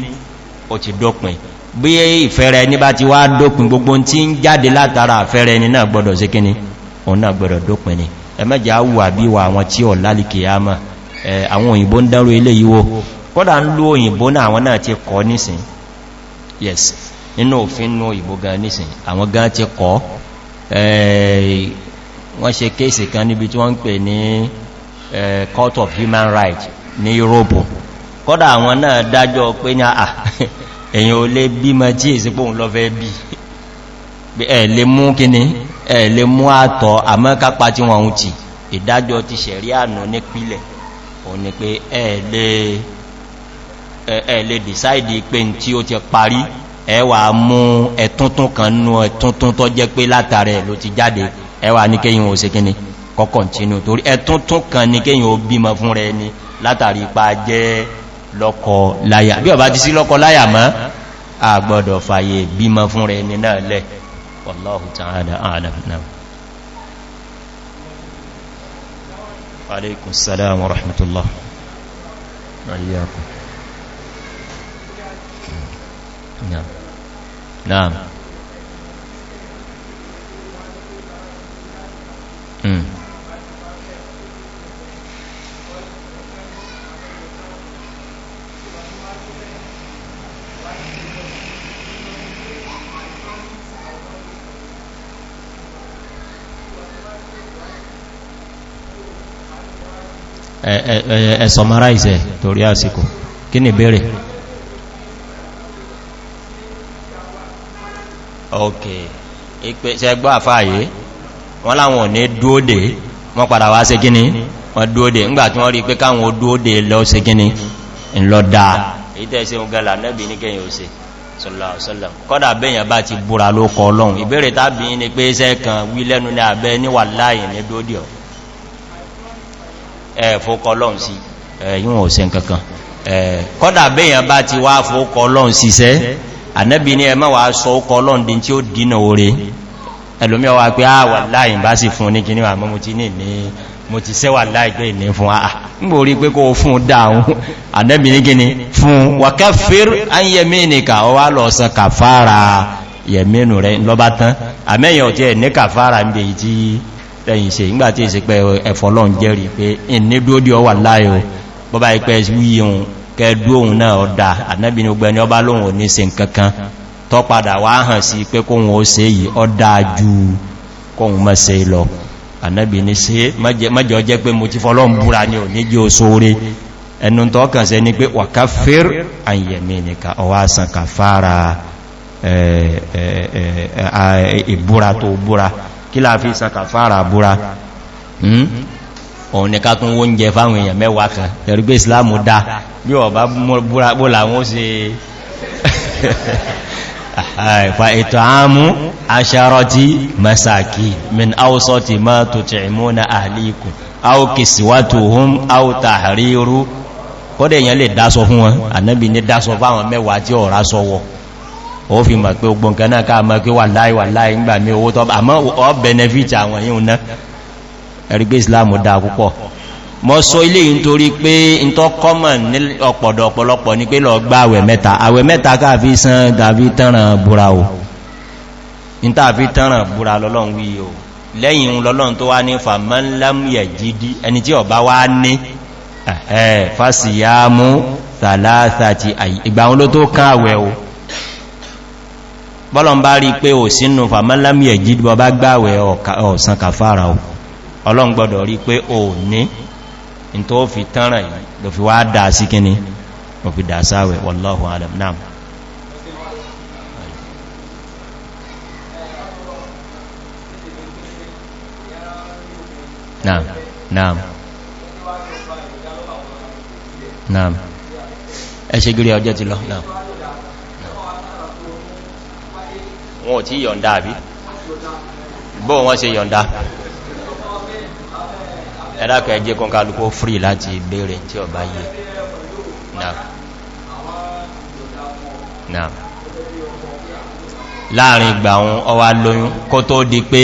o ti dópin bí ìfẹ́rẹ̀ ní bá ti wá dópin gbogbo tí ń jáde látara àfẹ́rẹ̀ ní náà gbọdọ̀ ṣe gíní òun náà gbọdọ̀ dópin ni ẹmẹ́jẹ awùwà bí wà àwọn tí ọ̀ lálìkì àmà àwọn òyìnbó ń dáró ilé yíwó kọ́dà ń lú òyìnbó náà àwọn náà ti kọ́ nísìn yes nínú òfin nú òyìnbó gan nísìn àwọn gan ti kọ́ wọ́n ṣe kéèsì kan níbi tí wọ́n ń pè ní Eh, court of human rights ní europe kọ́dà àwọn náà dájọ́ pé ní àà ah, èyàn ò lè bí ma jí ìsìnkú òun lọ fẹ́ bí ẹ̀ lè mú kíní ẹ̀ lè mú àtọ̀ àmọ́kápá tí wọ́n ń ti ìdájọ́ ti sẹ̀rí ànà nípìlẹ̀ òun ni pé ẹ̀ lè dìsáìdì pé tí ó ti parí ẹwà mú ẹ̀túntún kan nú ẹ̀túntún tó jẹ́ pé látàrẹ ló ti jáde ẹwà ní kéyìn òsèkíní kọ́kọ̀ tínú torí ẹ̀tún tún kan ní kéyàn ó bímọ fún rẹ ni látàrí pa jẹ́ lọ́kọ láyà bí ọba ti sí lọ́kọ láyà mọ́ àgbọ̀dọ̀ fàyè bímọ fún rẹ ni náà lẹ́ wallahu ta'ala ẹ summarize ẹ̀ torí àsìkò kí ni bèèrè ok ìpé ṣẹgbọ́ àfáàyé wọ́n láwọn ní dúódé wọ́n padà wá sí gíní wọ́n dúódé ńgbà tí wọ́n rí pé káwọn dúódé lọ sí gíní ńlọ́dá ìtẹ́ sí ọgọ́lá nẹ́bì ní kẹyìn òsè sọ́lọ́sọ́lọ́ kọ́dà bẹ́yàn bá ti búra ló kọ ọlọ́run ìbẹ̀rẹ̀ tàbí ní pé iṣẹ́ kan wí lẹ́nu ní abẹ́ níwà láyìn ní dódíọ̀ ẹ̀fọ́kọ́ ọlọ́run sí ẹ̀yìn kankan nkankan kọ́dà bẹ́yàn bá ti wá fọ́kọ́ ọlọ́run síṣẹ́ ànẹ́bì ní ẹmọ́ wà sọ ọkọ̀ ọlọ́run dín tí ó dínà oore ẹlòmí pé àwà ah, láì bá sì fún ní kíní mọ́ mo ti ní ní mo ti fún lẹ́yìn ṣe ìgbàtí ìṣe pé ẹ̀fọ́lọ́n jẹ́rì pé ní dúó dí ọwà láyò bọ́bá ipẹ́ wíyùn kẹ́ẹ̀dú òun náà ọ̀dá ànábìnrin ogbẹni ọba lóhun ní se nkankan tọ́ padà wá hàn sí pé kóhun ó se yìí ọdá ju kóhun mọ́ se lọ ànábìnrin se mọ́jọ jẹ́ pé mo ti kí la fi sàkà fara búra hmm? òun ni ká tún wó ń jẹ fáwọn èèyàn mẹ́wàá kan ẹ̀rí pé dá bí ọ̀bá búra bó làwọn ó se fa ètò àmú aṣarọ́tí masaki min áwọ́sọ́tí máa tó tẹ̀mọ́ na àhàlíkù áwọ́kìsíwátò hún áwọ́ta àríru kọ́dẹ̀ èèyàn lè dásọ fún wọn ànábì ní dásọ fáwọn mẹ́wàá tí ó fi mọ̀ pé ogbon kan náà ká mọ̀ pé wà láì wà láì ńgbà ní owó tọ́bà àmọ́ ọ benefit àwọn yíò ná ẹ̀rí pé islamu dáa púpọ̀ mọ́ sọ ilé yìí torí pé in tó kọ́mọ̀ ní ọ̀pọ̀dọ̀ ọ̀pọ̀lọpọ̀ ní pé lọ gbá àwẹ̀ mẹ́ta àwẹ̀ mẹ́ta káàfi san gàfi tánràn búra o in tàà fi tánràn búra lọ́lọ́run wí o lẹ́yìn ìgbà wọn ló tó káàwẹ̀ o bọ́lọ̀n bá rí pé ò sínú fàmọ́lámì ẹ̀jí bọ́ bá gbáwẹ̀ ọ̀sán kàfàrà ò ọlọ́n gbọ́dọ̀ rí pé ò ní in tó fi tánrà yìí ló fi wá dáa sí kíní ò fi dáa sáwẹ̀ wọ́lọ́hùn adam náà Naam. ọjọ́ ti lọ. Naam. wọn ò tí yọ̀ǹda àbí bó wọ́n se yọ̀ǹda ẹ̀dàkọ̀ ẹjẹ́ kan kálukó free láti bèèrè tí ọba yìí náà láàrin ìgbà ohun ọwá lóyún kó tó di pé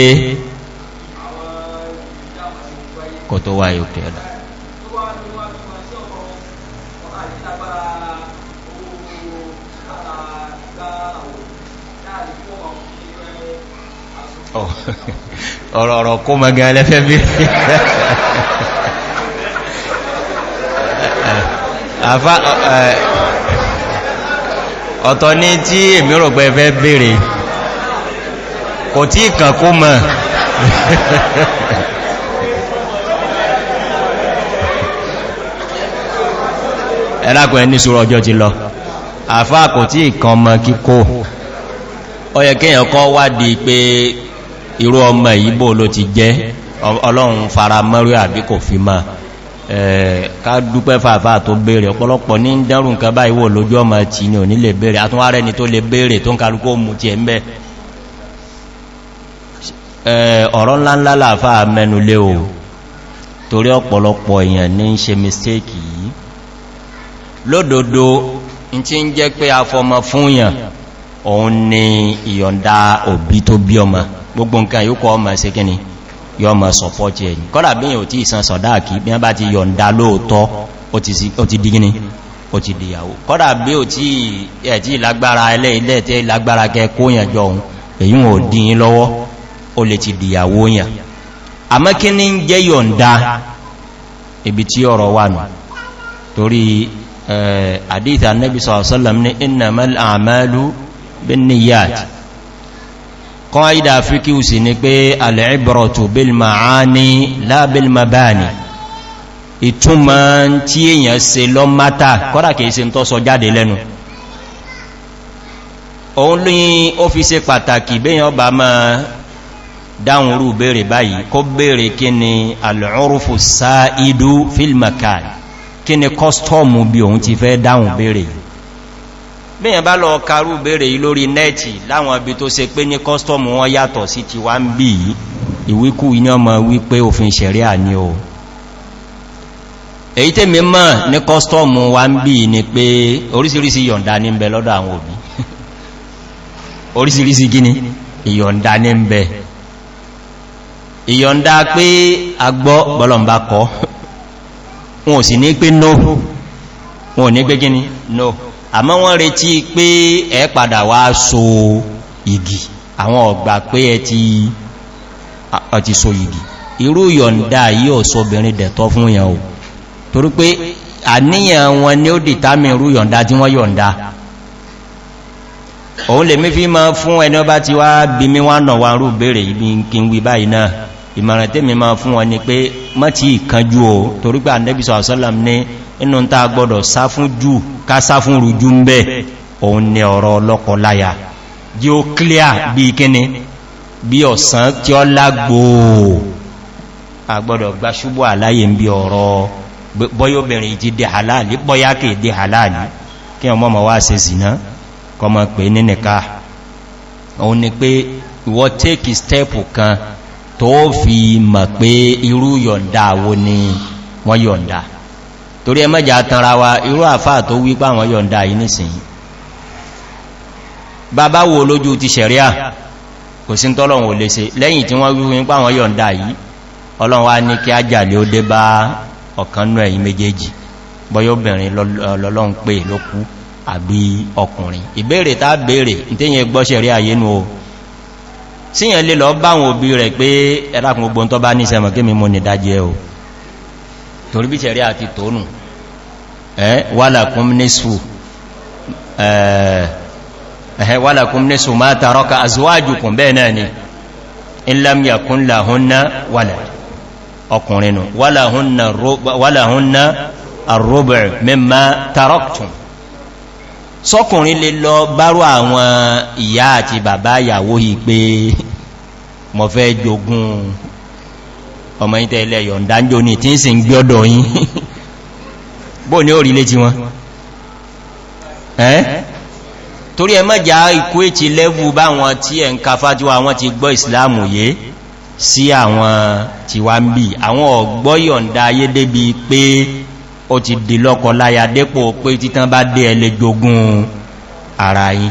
kó tó wáyé òkè ọ̀dá Oh. ọ̀rọ̀ ọ̀rọ̀ kó magan ẹlẹ́fẹ́ bí àfá ọ̀tọ̀ ní tí èmi rò pé fẹ́ bèèrè kò tí ìkàn kó mọ̀ ẹ̀lákùn ẹni ṣúrọ ọjọ́ ti lọ àfá kò tí ìkàn mọ̀ kíkó ó kọ́ wádìí pé irú ọmọ ìyíbò ló ti jẹ́ ọlọ́run fara mọ́rí àbí kò fi máa ká dúpẹ́ fàfà tó bèèrè ọ̀pọ̀lọpọ̀ ní dẹ́rùn kan bá ìwò lójú ọmọ tí ní òní lè bèèrè àtúnwà ni tó lè bèèrè tó ń karúkó mú ti ẹ̀mẹ́ ọ̀rọ̀ ńláńlá láàfà mẹ́nu lé o torí ọ̀pọ̀lọpọ̀ èèyàn ní ń ṣe mistake gbogbo nǹkan yóò kọ ọmọ ṣe kíni yóò mọ̀ sọpọ́tì ẹ̀yìn kọ́lá bí yóò tí ìsan sọ̀dáàkì bí wọ́n bá ti yọ̀nda lóòótọ́ ó ti dígíní ó ti dìyàwó kọ́lá bí ò tí ẹ̀tí lágbára ẹlẹ́ ilẹ̀ tẹ́ lágbára kẹ kóyàn jọ ohun èyí ò kan àìdà fíkí ò sì ní pé alẹ́ìbọ̀rọ̀tù bilma a ní lábílma bá ní ìtumọ̀ tí èyàn se lọ mátà kọ́dà kìí se ń tọ́ sọ jáde lẹ́nu òun ló yí ó fi se pàtàkì béyàn bá mọ́ dáhùn rú bèèrè báyìí kó bèèrè kí ni alẹ́ọ̀rùfù sáà idú kí ni kọ́stọ̀mù bí òun ti fẹ́ dáhùn bèèrè yìí bíyàn bá lọ karú bèèrè yìí lórí nẹ́ẹ̀tì láwọn ibi tó se pé ní kọ́stọ̀mù wọn yàtọ̀ sí ti wá ń bí ìwíkú iná mọ̀ wípé òfin ṣẹ̀rí àní o èyí tèmi mọ̀ ní kọ́stọ̀mù wá ń bí ni pé orísìírísìí yọ̀nda ní bẹ lọ́dọ̀ àwọn òbí orísìírísìí gíní àmọ́ wọ́n retí pé ẹ padà wá so igi àwọn ọ̀gbà pé ẹ ti so igi irú yọ̀ǹda yíò sóbìnrin dẹ̀tọ́ fún yẹn o torí pé àníyàn wọn ni ó dìtàmì irú yọ̀ǹda tí wọ́n yọ̀ǹda òun lè mí fi máa fún ẹni ọba ti wá bí mi wá nà wá bèèrè ibi kí ń wí báyìí náà ìmọ̀ràn tẹ́mi máa fún wọn ni pé má ti ìkanjú o torígbà nẹ́bí sọ́sọ́làm ní inú ta gbọ́dọ̀ sá fún jù ká sá fún rújú ń bẹ́ òun ni ọ̀rọ̀ ọlọ́kọ̀ láyà jí ó kílíà bí kíní bí ọ̀sán tí ó lágbòó kan tó fi mọ̀ pé irú yọ̀ǹda wo ni wọ́n yọ̀ǹda torí ẹ mẹ́jà tanra wa irú àfáà tó wípá wọ́n yọ̀ǹda yìí nìsìn bàbá wo lójú ti ṣẹ̀ríà kò sí tọ́lọ̀wọ̀n ò lè ṣe lẹ́yìn tí wọ́n wíwú nípa àwọn yọ̀ǹda yìí ọlọ́run wá ní kí á ó dé bá ọ̀kanú ẹ̀yìn síyàn lè lọ báwọn òbí rẹ̀ pé ẹ̀rákùn gbogbo tó bá ní sẹ́mọ̀ kí mi mọ́ ní dájẹ́ o torí bí tẹ̀rí àti tónù ẹ́ wálàkún nísù máa tàrọ́ka àzúwájùkùn bẹ́ẹ̀ náà ni ìlàmìyàkún làhúnná wàlàhúnná sọ́kùnrin lè lọ bárò àwọn ìyá àti bàbá ìyàwó yìí pé mọ̀ fẹ́ jogun ọmọ ìtẹ́ ilẹ̀ yọ̀ndánjò ní tí ń sì ń gbé ọ̀dọ̀ yìí bó ní orí lé ti wọn ẹ́ torí ẹ mọ́já ikú ètì lẹ́bù bá wọn tí ẹ̀ ń ka fájúwà wọn ti gbọ́ ìsìláàmù yé sí àwọn tí àwọn ọ̀gbọ́ yọ̀ndá ayé débi pé ó ti dì lọ́kọ̀ láyà dépò pé títán bá dé ẹlẹ́ jogun ara yìí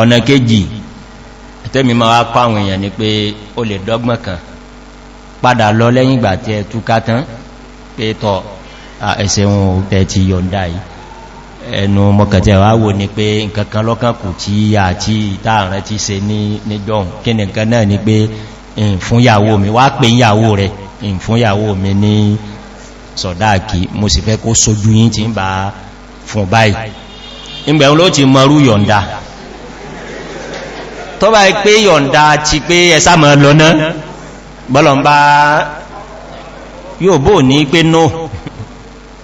ọ̀nà kejì tẹ́mi máa kọ́ àwọn èèyàn ni pé o lè dọ́gbọ́n kan padà lọ lẹ́yìn ìgbà tí ẹ túká tán pé tọ́ ẹsẹ̀ wọn ò tẹ́ ti yọ̀ndá yìí ẹnu mọ́kàtẹ̀ wá wò ní pé nkankan lọ́kàn kù tí àti ìtaàrẹ ti se ní jọun kí nìkan náà ni pé fún yàwó mi wá pè yàwó rẹ̀ ìfúnyàwó mi ní sọ̀dáàkì mo sì fẹ́ kó sójú yí ti ń bá fún báyìí ìgbẹ̀rún ló ti mọrú yọ̀nda tó bá pé yọ̀nda ti pé ẹsà mọ̀ lọ́nà bọ́lọ̀mbá yóò bó ní pé no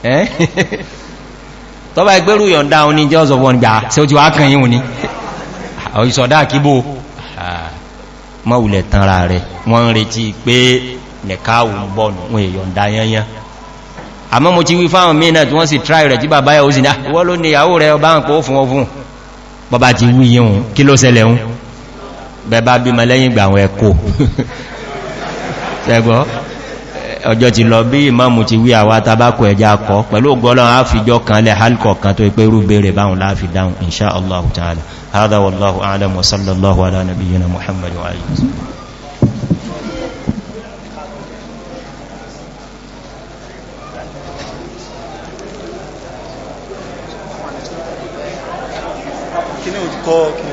tó bá pé rú yọ̀nda oní jẹ́ ọ̀sọ̀ wọn gbà tí ó ti wá kàn yíò ní ọ̀ìsọ̀dá kíbò nìkáàwù ń bọ̀ wọn èyọ̀nda yányán àmọ́ mo ti wí fáwọn mìíràn tí wọ́n sì tráì rẹ̀ tí bàbá yà ó sì náà ah, wọ́n ló ní ìyàwó rẹ̀ ọba ń pọ̀ fún ọ fún bọ́bá ti wí yíhun kí ló sẹlẹ̀ hun bẹba bímọ lẹ́yìn ìgbà àwọn ẹ̀kọ́ ṣẹgbọ́ ọjọ́ ti lọ bí ìmọ́mù ti wí àwá tabakọ̀ ẹja kọ́ pẹ̀lú ògọ́lọ́n àfijọ́ kan lẹ halkọ̀ kan tó ipé rú bèèrè báhùn láàfi dáhùn inṣáàlá Talk